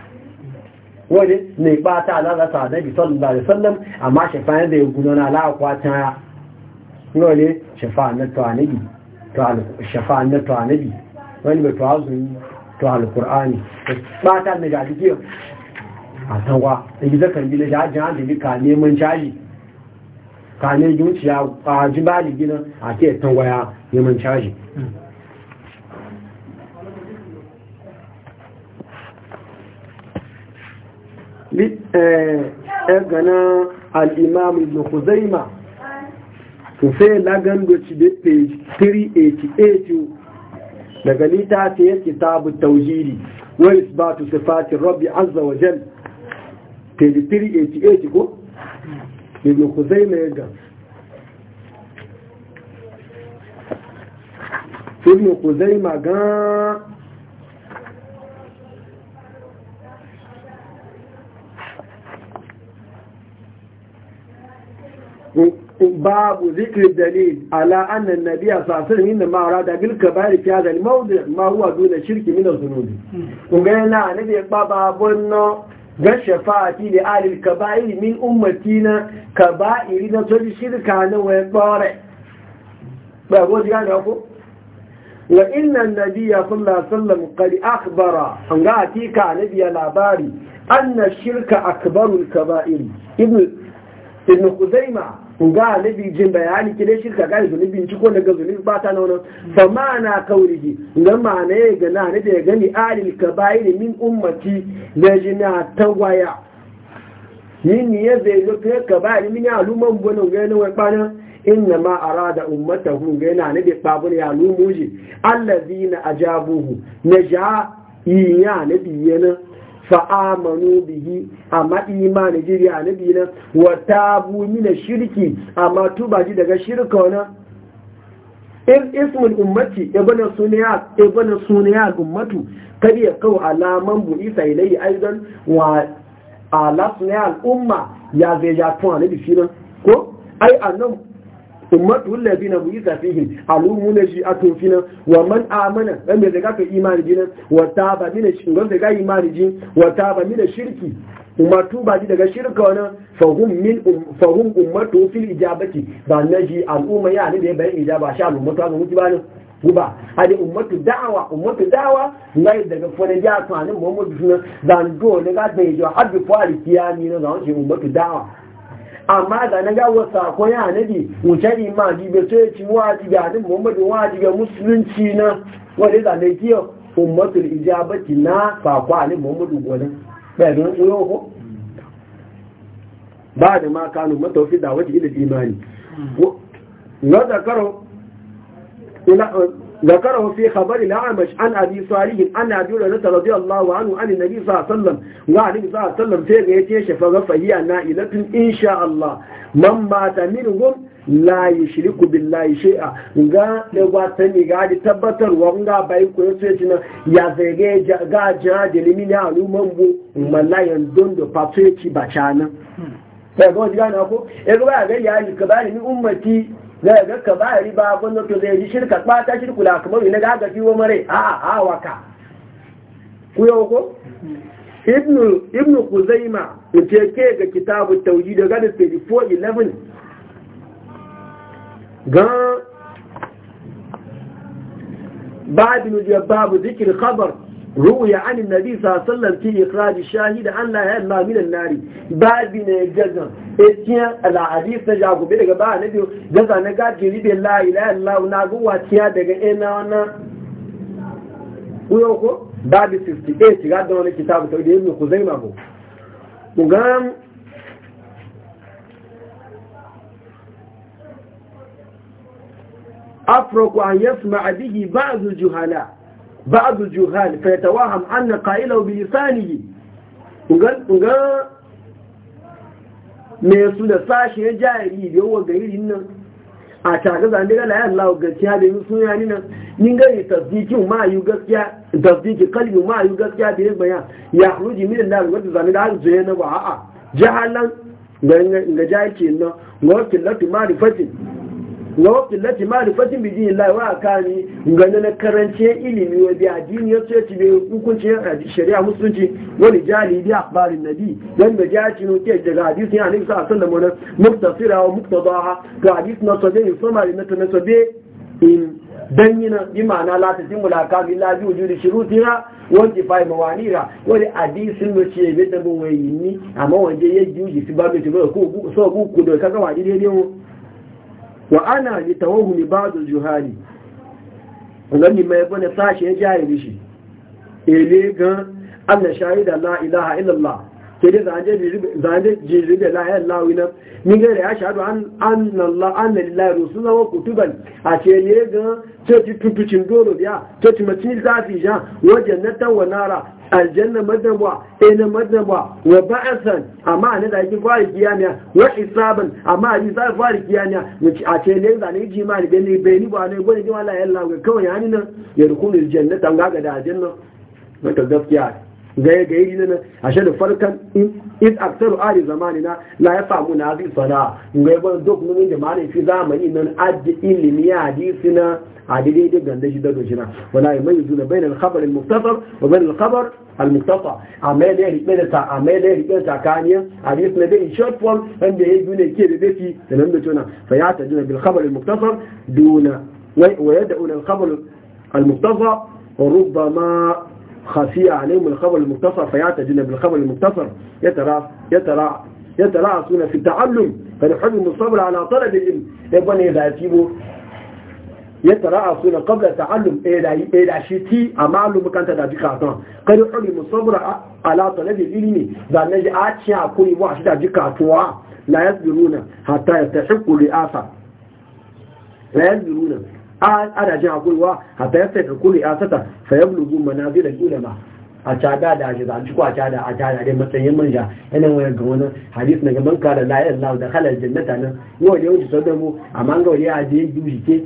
wani ne ba ta lalata na bi sallallahu alaihi wasallam amma shafa da ya gudu na la'akwa ta wani shafa'a na tawanabi shafa na tawanabi wani mai tawazun tawal qur'ani ba ta ne ga a tawa da gida kan bi da jajin an da ka neman caji ka ne zuciya a jibali gina a ke tawaya neman caji Eh, eh, ganin al'imamu da huzaima su sai da page 388 daga littafi ya kitabu taujiri wa isbatu sifatin rabbi azza wa jal page 388 ko? ibn ya ga باب ذكر الدليل على أن النبي صلى الله عليه وسلم إنما أراد بالكبار في هذا الموضع ما هو دون شرك من الظنود وقالنا نبي بابا بنا بشفاة لآل الكبائر من أمتنا كبائر نتوجه شركا ويقارع بابا جانا وإن النبي صلى الله عليه وسلم قد أخبر أن قاتيك الشرك أكبر الكبائر إذن ibn kuzaima ga alibi jin bayani kide shirka ga zunubin ciko daga zunubi ba ta nauna fa ma'ana kaurihi ga ma'ana ya ga na da ya gani alil kabair min ummati da jina Yin min ya zai zo ka kabair min ya aluman bonon ga na wai bana inna ma arada ummatahu ga na ne da babun ya alumuji allazina ajabuhu naja iya nabiyana fa'amanu bihi amma imani jiri annabi nan wa tabu min shirki amma tuba daga shirka wannan in ismul ummati ibn suniya ibn suniya ummatu kadi ya kawo alaman bu isa ilayhi aidan wa ala ya zai ja tun annabi ko ai annabi ummatu alladhina bu'itha fihim alumu na shi atun fina wa man amana dan me daga ka imani dinan wa taba min shi ngon daga imani jin wa taba min shirki ummatu ba ji daga shirka wannan fahum min fahum ummatu fil ijabati ba naji al'umma ya ne da bayan ijaba sha ummatu an ba ne guba hadi ummatu da'awa ummatu da'awa ngai daga fone ja tsanin muhammadu sunan dan do ne ga da jo haddu fa'al alkiyami ne zan ce ummatu da'awa amma da na ga wasu akwai hanabi wucari ma jibe so ya ci wajibi a nan muhammadu wajibi musulunci na wani zane kiyo ummatul ijabati na sakwa ne muhammadu gwanin bayan tsoro ko ba da ma kanu matafi da wata ilil imani na zakaro ila ذكره في خبر الأعمش عن أبي صالح عن أبي هريرة رضي الله عنه عن النبي صلى الله عليه وسلم وعن النبي صلى الله عليه وسلم في غيته شفاعة فهي نائلة إن شاء الله من مات منهم la yi shiriku billahi shi'a ga da wata ne ga da tabbatarwa ga bai ko yace cin ya zage ga ja da limini aluman bu don da fatoyi ba cana sai ga wani gane ko ya ga ya yi ka bani ummati zai ga ka ba yi ba to zai yi shirka ɓata shirku la kamar ina ga gafi wa mare a a ka. ku yau ko ibnu ibnu kuzaima ce ke ga kitabu tauhid daga da 34-11 ga babu ne babu zikir khabar ru'ya an annabi sallallahu alaihi fi ikhraj shahid an la yalla min an-nari babi ne gaza etiya ala hadith ta jago be daga ba annabi gaza na ga ribe la ilaha illa na guwa tiya daga ina wana uyo ko babi 58 ga da wani kitabu to da ibn kuzai mabo mugam afro ko an yasma bihi ba'd juhala بعض الجهال فيتوهم أن قائله بلسانه ga me suna da sashe jari da yawan gairin nan a tare da ni gala yan gaskiya da yin suna ni nan yin gari ma yi gaskiya tasdikin kalbi ma yi gaskiya da yin bayan ya ruji da rubuta zami da arzuye na ba a'a jahalan ga jahilci nan ga wakil ma ga wakil lati ma'arifatin bidin Allah wa akani gane na karance ilimi wa bi addini ya ce ci bi hukunci ya shari'a musulunci wani jali bi akhbarin nabi dan da jaci no ke daga hadisi ya nabi sallallahu alaihi wasallam muktasira wa muktadaha to hadisi na sabe summary na na sabe in dan yana bi ma'ana la ta simula ka bi la ji wujudi shurutira wanda fa mawanira wani hadisin da ce bi da bu wayi ni amma wanda ya ji ba bi ko so ku ku da kaga wadi dai dai wa ana li tawahumi ba'dul juhali ngani mai bane sashe ya jayi rishi ele gan anna shahida la ilaha illallah ke da zanje zanje jirbe la ilaha illallah wina ni ga ya shahadu an anna allah anna lillahi rasulahu wa kutuban a ce ne gan ce ti tutucin doro ya ce ti matin zafi ja wajen na wa nara aljanna madaba ina madaba wa ba'san amma ne da yake fara kiyamiya wa hisaban amma yi za fara kiyamiya muci a ce ne ne ji ma ne bai ni ba ne gode ji wallahi Allah ga kawai yani nan ya rukunu aljannata ga ga da aljanna mata gaskiya ga ga yi nan a da farkan in aktaru ari zamani na la ya samu na zai sana ga ban duk mun da ne fi zamani nan adda ilmi ya hadisi na عادي دي جدا ده جدا جدا ولا يميزون بين الخبر المختصر وبين الخبر المقتطع عمال ايه بين تاع عمال ايه بين تاع كانيا عادي اسمه ده شورت فورم عند يجون كده بيتي تمام ده بتونا فيعتدون بالخبر المختصر دون ويدعون الخبر المختصر وربما خفي عليهم الخبر المختصر فيعتدون بالخبر المختصر يترى يترى يتلاعثون في التعلم فنحب الصبر على طلب العلم يبقى اذا أتيبه ya tara a suna kabla ta allum ɗaya shi ti a ma'allum kanta da jika ton kari ɗari musamman ala talabi ilimi da na ji a ci a kuri ba shi da jika na la ya ziruna hatta ya tashi kuri asa la ya ziruna ana ji a kuri wa hatta ya tashi kuri asa ta fayyab lugu da ulama a cada da shi za ci ko a cada a cada dai matsayin manja yana waya ga wani hadis na gaban ka da la ilaha illallah da halal jannata nan yau da yau ji sau da mu amma ga wani ya je yi ke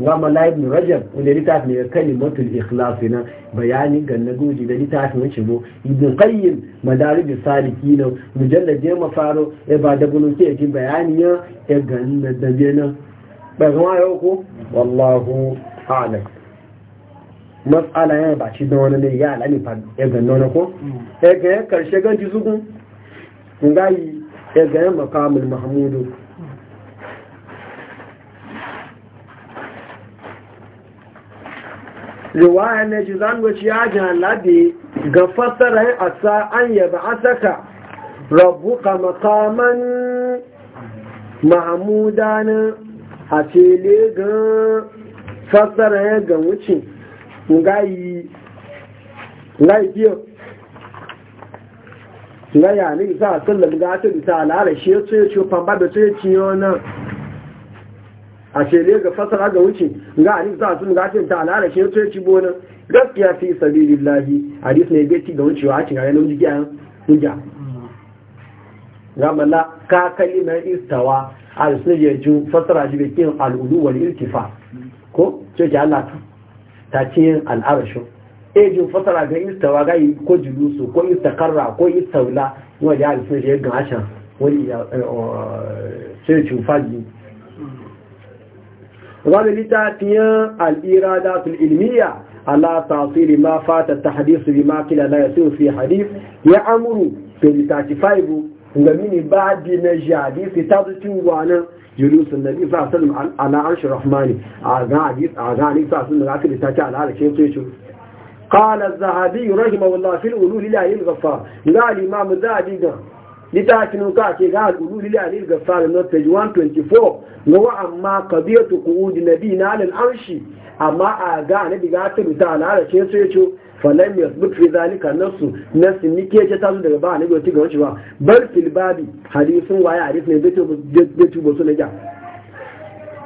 وملا ابن رجب وده لتعف من الكلمة الإخلاف هنا بياني قلنا قوجي ده لتعف من شبو ابن قيم مدارج السالكين مجلد دي مفارو بعد قلنا كي اكي بياني قلنا دبينا بغما يوكو والله أعلم مسألة يعني بعد شيء دوانا نيجا لاني فاد قلنا نكو اكي كرشيغان جزوكو نغاي اكي مقام المحمود riwaya na ji zanwaci ya ji halabi ga yin asa an yaba asaka rabu ka makaman mahamudanin a ga fassara yin ga wuce ngayi laifiyar ngaya ne za a sallar ga ta bisa shi ya ce ce famba da ce ciyo nan a shere ga fasara ga wuce ga hadis za su ga ce ta alala shi to ci bona gaskiya fi sabilillahi hadis ne bai ci ga wucewa a cikin ranar jiya hujja gamala ka kalimar istawa a da suna jeju fasara jirgin bai kin al'udu wani irtifa ko cece Allah ta ci yin al'arashin ejin fasara ga istawa ga yi ko julusu ko istakarra ko istaula wani ya da suna ga ashen wani cece eh, oh, fagi غالي الإرادات العلمية على تعطيل ما فات التحديث بما كلا لا يصير في حديث يعمر في لتاتي فايبو ومن بعد نجي حديث تابتي وانا جلوس النبي صلى الله عليه وسلم على عرش الرحمن أعزاني صلى الله عليه وسلم لكن لتاتي على الشيء يمتيشو قال الذهبي رحمه الله في الأولول لا يلغفى قال الإمام الذهبي littafin ka ke ga al'ulu lil alil gafar no page 124 ga amma qadiyatu qu'ud nabi na al arshi amma a ga nabi ga ta rubuta al da sai ya ce falam yasbut fi zalika nasu nasu nike ce ta zo daga ba nabi wata ga ba fil babi ne da tubo su ja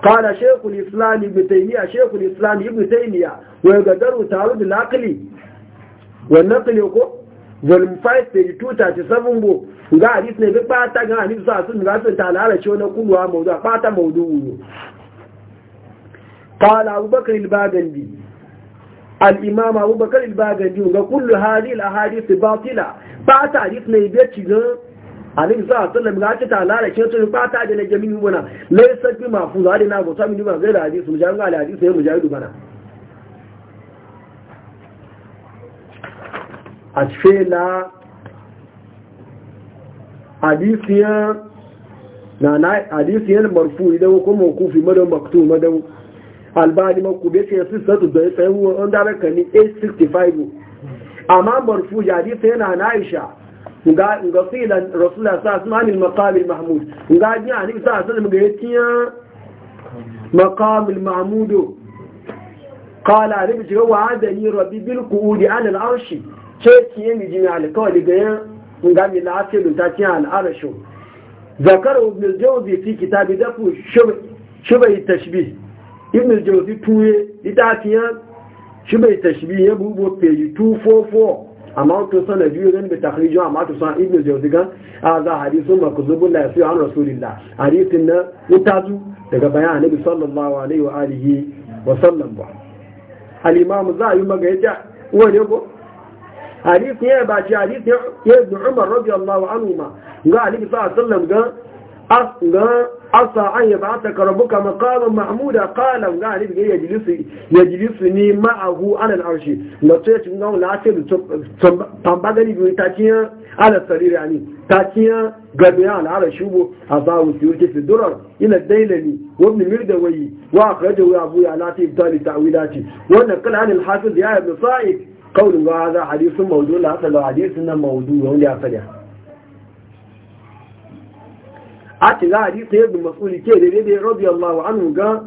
قال شيخ الإسلام ابن تيمية شيخ الإسلام ابن تيمية ويقدروا تعرض العقل والنقل يقول volume 5 page 237 bo ga hadis ne bi bata ga hadis sa sun ga sun talara ce na kulwa mawdu bata mawdu ne qala abubakar al-bagandi al-imam abubakar al-bagandi ga kullu hadhihi al-ahadith batila bata hadis ne bi ci ga hadis sa sun ga ci talara ce to bata da na jami'u bana laysa bi mafuz hadina go ta minu ba ga hadis mu jami'u al-hadis sai mu jahidu bana a fela hadisiyar hadisiyar marfu idan ko mawkufi madan maktu madan albani maku be sai su sattu da ya tsayi on wanda raka ni 865 amma marfu hadisi yana na Aisha ga ga rasulun sa su alaihi makamil mahmud ga ji a nisa a ga yatiya maqam mahmud qala rabbi wa adani rabbi bil qudi ala al arshi ceci ya miji na alkawali ga yan ngami na asilun ta cin shi zakar ibn jawzi fi kitabi dafu shubai tashbi ibn jawzi tuye litafiyan shubai Tashbi, ya bubo peji 244 amma to sana biyu ran da takhrijin amma to sana ibn jawzi gan a za hadisu makzubun la yasu an rasulillah hadisin na mutazu daga bayan annabi sallallahu alaihi wa alihi wa sallam ba al-imam za yi wani ko hadith ne ba shi hadith ne ibn Umar radiyallahu anhu ma ga Ali sallallahu alaihi wasallam ga asa an yi ba ta karabuka makamin mahmuda qala ga alif ga yajilisu ni ma'ahu al arshi na to yaci ngan lafiyar tambagari biyu ta ciye ala sariri ani ta ciye ga ya ala shubo a zawo su yake fi durar ila dailani wani mirda wayi wa akwai da ya lati lafi ta ta'wilati wannan kala al hafiz ya yi sa'id kawulin ga haza hadisun maudu la hasa ga hadisun nan maudu wanda ya fada a ci za hadisun yadda masuli ke da daidai rabi Allah wa anu ga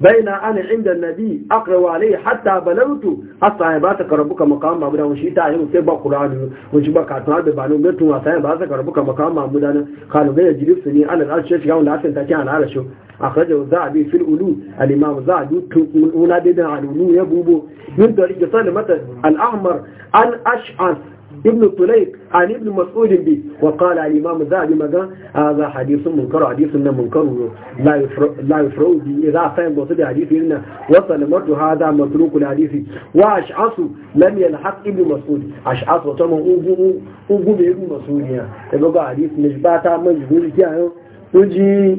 baina ana inda nabi akrawa alai hatta balautu hasa ya ba ta karabuka makawan mamuda wani shi ta yi sai ba kurani wani ba katon har ba nun gatun wasa ya ba ta karabuka makawan mamuda na kalubai da jirifsu ne ana da arshe shiga wanda asin ta ke ana arashe أخرجه الزعبي في الألو الإمام الزعبي هنا بدا عن الألو يبوبو من طريق سلمة الأعمر الأشعث ابن الطليق عن ابن مسؤول به وقال الإمام الذهبي ماذا هذا حديث منكر حديث منكر لا يفرو لا يفرو به إذا فهم بصدى حديث إن وصل مرد هذا مطلوق الحديث وأشعث لم يلحق ابن مسؤول أشعث وطمع أبو ابن مسؤول يبقى حديث مش باتا مجهول يعني وجي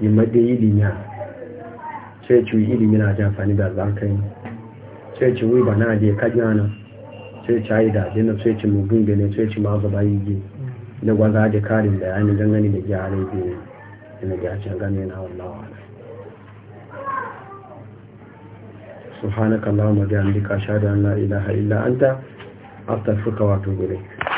yi imade ilimiya sai ci ilimi na ji amfani da albarkai sai ci ba na ajiye kajiya nan sai ci ayi da ajiye na sai ci mugun gane sai ci ma zaba yi gini da gwaza da karin da bayani dangane da gyara biyu da gyacin gane na wallawa سبحانك اللهم وبحمدك اشهد ان لا اله الا انت استغفرك واتوب اليك